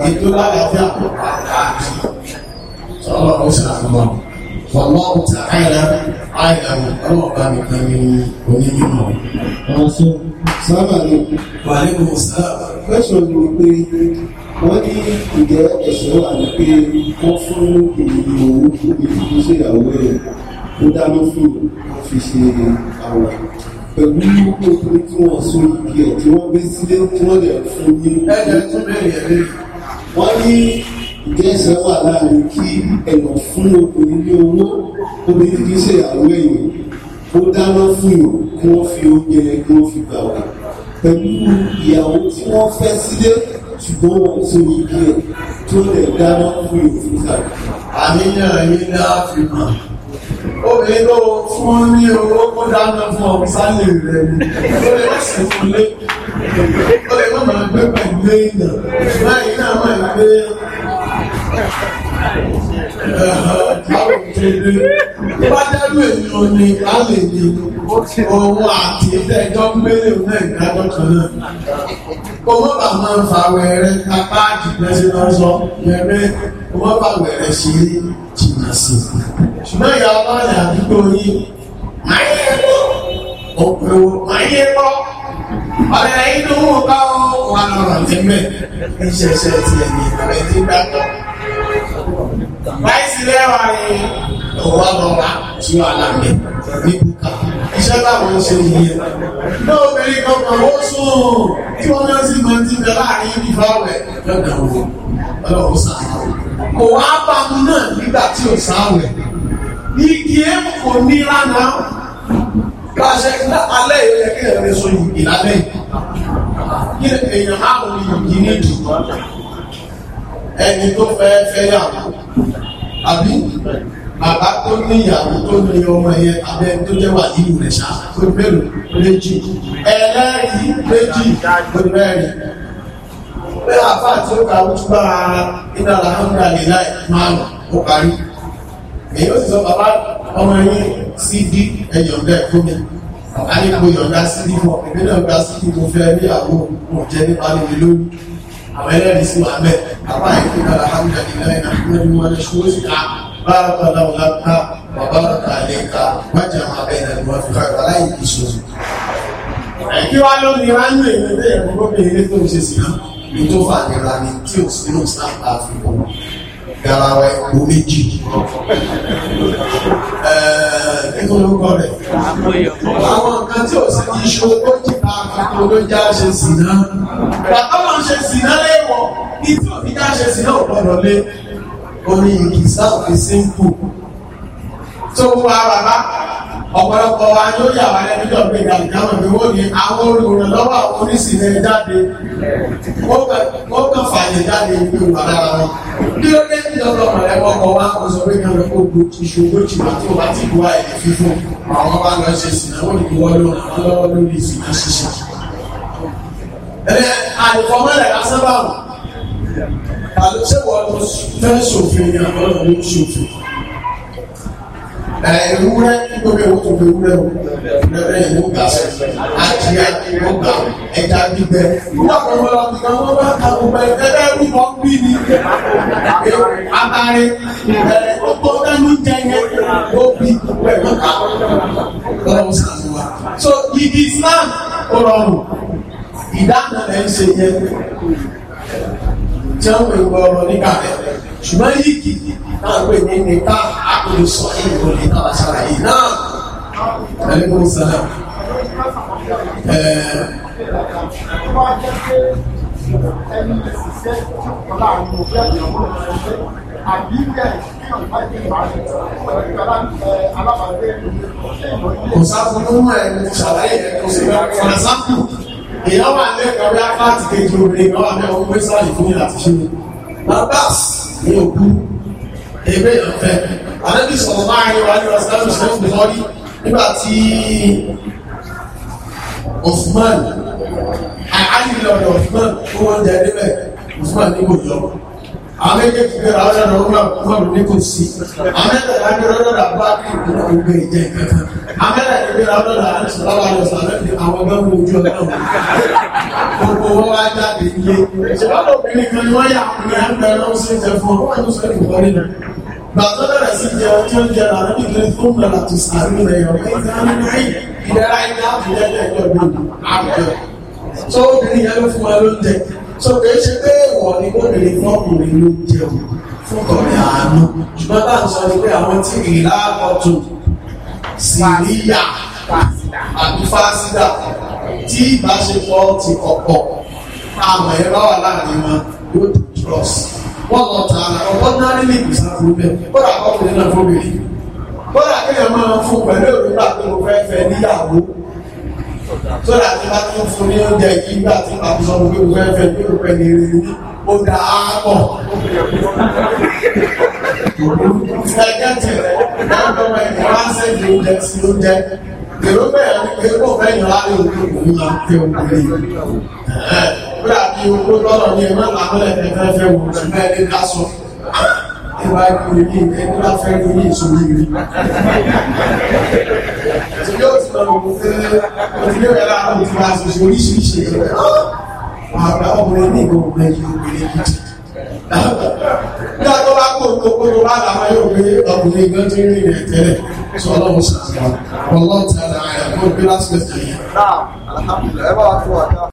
èyí tó lálàáfíà à ń ṣe sọlọ ó sì àná wọn wàlúwà ó ti àyàrá àyàwó ọlọ́ọ̀bá nìkan ní onímọ̀. sábà ní wàlẹ́ kò sábà. fẹ́sọ̀ ni wọ́n pé wọ́n ní ìjẹ́ ẹ̀sẹ̀ wà ní fún ènìyàn owó fún ìfúnṣe ìyàwó ó dáná fún ọ́fíìsì àwọn pẹ̀lú obìnrin tí wọ́n so igi ẹ̀ tí wọ́n gbé sílé tí wọ́n lè fún ní ẹ̀jẹ̀ tó bẹ̀rẹ̀ ẹ̀ lẹ́yìn. wọ́n ní ìjẹ́sẹ̀ wà láàrin kí ẹ̀nà fún obìnrin ní owó obìnrin kì í ṣe ìyàwó ẹ̀yìn ó dáná fún yòó kí wọ́n fi oúnjẹ kí wọ́n fi gbà wá pẹ̀lú ìyàwó tí wọ́n fẹ́ sílé ṣùgbọ́n wọ́n so igi ẹ̀ tó lè dáná fún yòó fún sàrẹ̀. àníyàn yín náà fi hàn obìnrin tó fún ní owó kó dáná fún ọmọ sáyé rẹ̀ ni ó lè wọ́n fún lé ó lè wọ́n máa gbé pẹ̀lú èèyàn báyìí náà máa ń gbé Bájẹ́rú ènìyàn ni a lè ní ohun àti ìtẹ́jọ́ mẹ́lẹ̀ náà ìdájọ́ kan náà. Owó bà máa ń fa wẹ̀rẹ̀ apá àjìgbẹ́sí lọ́sọ, yẹ̀rẹ́ owó bà wẹ̀rẹ̀ ṣe jìnà sí i ṣùgbọ́n ìyá ọlọ́ọ̀yà àdúgbò yìí máa yẹ kó òpèwò máa yẹ kó ọ̀rẹ́ yìí ló ń bá ọ wà lọ́rọ̀ lẹ́mẹ̀ ìṣẹ̀ṣẹ̀ ti ẹ̀mí ìbẹ̀rẹ̀ ti dàtọ̀. láìsí lẹ́wà ni òwò ọlọ́wà tí wà lámẹ̀ ní bùkà iṣẹ́ láwọn ṣe nìyẹn. ní obìnrin kankan ó sùn tí wọ́n náà sì máa ti bẹ láàrin ibi fáwẹ̀ lọ́dọ̀ wọn ọlọ́wọ́ sáà kò wá bá mu náà nígbà tí ò sáwẹ̀ igi èmù kò nira náà kíláṣẹ alẹ́ yóò yẹ kí ẹ̀rẹ́ so yìí lábẹ́ yìí èèyàn márùn ni yìí ní jù ẹni tó fẹ́ fẹ́ yàwó àbí bàbá tó ní ìyàwó tó ní ọmọ ẹ̀yẹ abẹ́ tó jẹ́ wà nínú rẹ̀ ṣá tó bẹ̀rù méjì ẹlẹ́rìí méjì tó bẹ̀rù pé àfáà tí ó kà ó túbà iná làwọn ọmọdé láì márùn ó parí èyí ó sì sọ bàbá ọmọ yín cd ẹ̀yọ̀ǹda ẹ̀kọ́ mi àyíkò yọ̀ǹda cd fún ọ̀pẹ̀lẹ̀ yọ̀ǹda cd mo fẹ́ ní àwọn òun jẹ́ nípa lórí lórí àwọn ẹlẹ́rìí sí wà mẹ́ àbá àyíkò bára hàmdà nílá iná mẹ́rin wọn lè ṣòwò sí ká bára bàlá wọn lápá bàbá ọ̀tà lè ka wájà wọn abẹ́ ìlànà wọn fi fàgbà láì kì í ṣòwò. kí wá ló ní wá nù èmi bẹ́ẹ̀ kó ló bẹ̀rẹ̀ tó ń ṣe sí náà ní tó fà nira ni garawa epo méjì nínú orúkọ rẹ̀ àwọn nǹkan tí ò sí ní iṣu ó ti ta àkàtà olójà ṣe sì náà bàbá máa ṣe sì náà léwọ̀ ní tí òfin dá ṣe sì náà ò gbọ́dọ̀ lé orin ìkìsá òfin sínkù tó wá bàbá ọ̀pọ̀lọpọ̀ wa ló yà wá lẹ́nu tó gbé ìdàgbàmọ̀ ni wọ́n ní àwọn olùrànlọ́wọ́ àwọn oníṣìírí jáde ó kàn fààyè jáde nínú bàbá wọn. kí ló dé ìjọba ọmọ rẹ kọ́kọ́ wá kó sọ pé kí wọn kó bu ìṣòro tí wọn tí wọn bá ti bu àyè fífún àwọn bá lọ ṣe ìsìnáwó ìwọ ló ràn án lọ́wọ́ lórí ìsìná ṣíṣe. ẹ àlùfọ́mọ́lẹ̀ lásán báwọn àlùsẹ̀wọ̀ ló fẹ́ ṣòfin ni ewúrẹ́ nítorí owó tó fi ewúrẹ́ o ewúrẹ́ yìí ló gbà sí adìyẹ ló gbà ẹja gbígbẹ ìwà pẹ̀lú ọ̀gbìn wọn bá ta gbogbo ẹgbẹ́ bẹ́ẹ̀ wí kọ́ bí ni abari ọkọ ẹnu jẹ yẹn ó bí pẹ̀lú ká lọ́wọ́ sàmì wa. so gidi is not rọrùn ìdáná ẹ̀ ń ṣe yẹn tí wọ́n ń gbọ́ ọ̀rọ̀ nígbà rẹ̀ ṣùgbọ́n yìí gidi táwọn èdè nìta àkùnrin sọ èyí kò lè náà ṣàlàyé náà ẹlẹ́kùn sẹ́lẹ̀ ẹni ìṣiṣẹ́ láàrin òfin ìyàwó ìṣiṣẹ́ àbí ilẹ̀ ìṣiṣẹ́ ìbáyé ìbáyé alábàágbé kò sáfúnú ẹni ṣàlàyé ẹni kò sí ìgbà sáfù èèyàn wà lẹ́kọ̀ọ́ bí apá àti kejì obìnrin kan wà lẹ́wọ̀n pé sáàlì fún ìlà ti ṣe ní bàbá ní òkú èrè ìfẹ́ àdébí sọ̀rọ̀ láàrin wa ní ọ̀sán ìṣẹ́ òun lọ́rí nígbà tí Osman àìlọ́dọ̀ Osman tó wọ́n jẹ́ níbẹ̀ Osman níbo ìjọba ఆమెకి రాజా రోడ్ల ఉండి కుర్సి ఆమె రెండు రోజుల అబ్బాకి ఉండే ఇదే ఆమె రెండు రోజుల సలవాలు సాలని అవగా ఉద్యోగం Gbogbo wa jáde ilé. Ìṣèwádìí obìnrin kan ni wọ́n yà àwọn ẹ̀rọ ẹ̀rọ ṣe jẹ fún ọ, wọ́n yóò sọ èdè wọlé náà. Gbàtọ́ bẹ̀rẹ̀ sí jẹ ọjọ́ jẹ àárọ̀ nítorí tó ń bẹ̀rẹ̀ àti sàárù rẹ̀ yọ̀. Ìdẹ́ra ìdá àbújá ẹ̀jẹ̀ ẹ̀jẹ̀ gbogbo àbújá. Sọ obìnrin yẹn so kì í ṣe pé ìwọ ni obìnrin fún ọkùnrin ló jẹun fún tọ̀rẹ́ àánú ṣùgbọ́n bá ń sọ ni pé àwọn tí kì í láàkọ̀tù síríyà àti fásídà tí ìbáṣepọ̀ ti kọ̀kọ̀ àmọ̀ ẹ̀ bá wà láàrin wọn good trust wọ́n lọ ta ara ọgbọ́n náà nílé ìgbésà fún bẹ́ẹ̀ kódà ọkùnrin náà fún bẹ́ẹ̀ kódà kéèyàn máa fún pẹ̀lú òrùka tó fẹ́ níyàwó tó láti bá tún fún ní oúnjẹ yìí nígbà tí a sọ pé o fẹ́ fẹ́ pé o fẹ́ ní rí ní ó dà á pọ̀. ẹgbẹ́ tirẹ̀ lọ́dọ̀ ẹ̀yìn wá sẹ́yìn oúnjẹ sí oúnjẹ èrò bẹ́ẹ̀ ni pé kò fẹ́yìn láàrin òkú òun máa fi òkú rí pé àbí owó lọ́rọ̀ ní ẹ̀rọ làmọ́lẹ̀ ẹ̀fẹ́ fẹ́ wò ó bẹ́ẹ̀ ní ká sọ ìwà ìkùnrin ní ìgbẹ́ tó bá fẹ́ ní ìṣòro ìrìn òfìlẹ̀ rẹ̀ láàrín òfin máa ṣe oríṣiríṣi ìṣẹ̀lẹ̀ àwọn ọmọbìnrin ní ìgbòho bá kó kókóró bá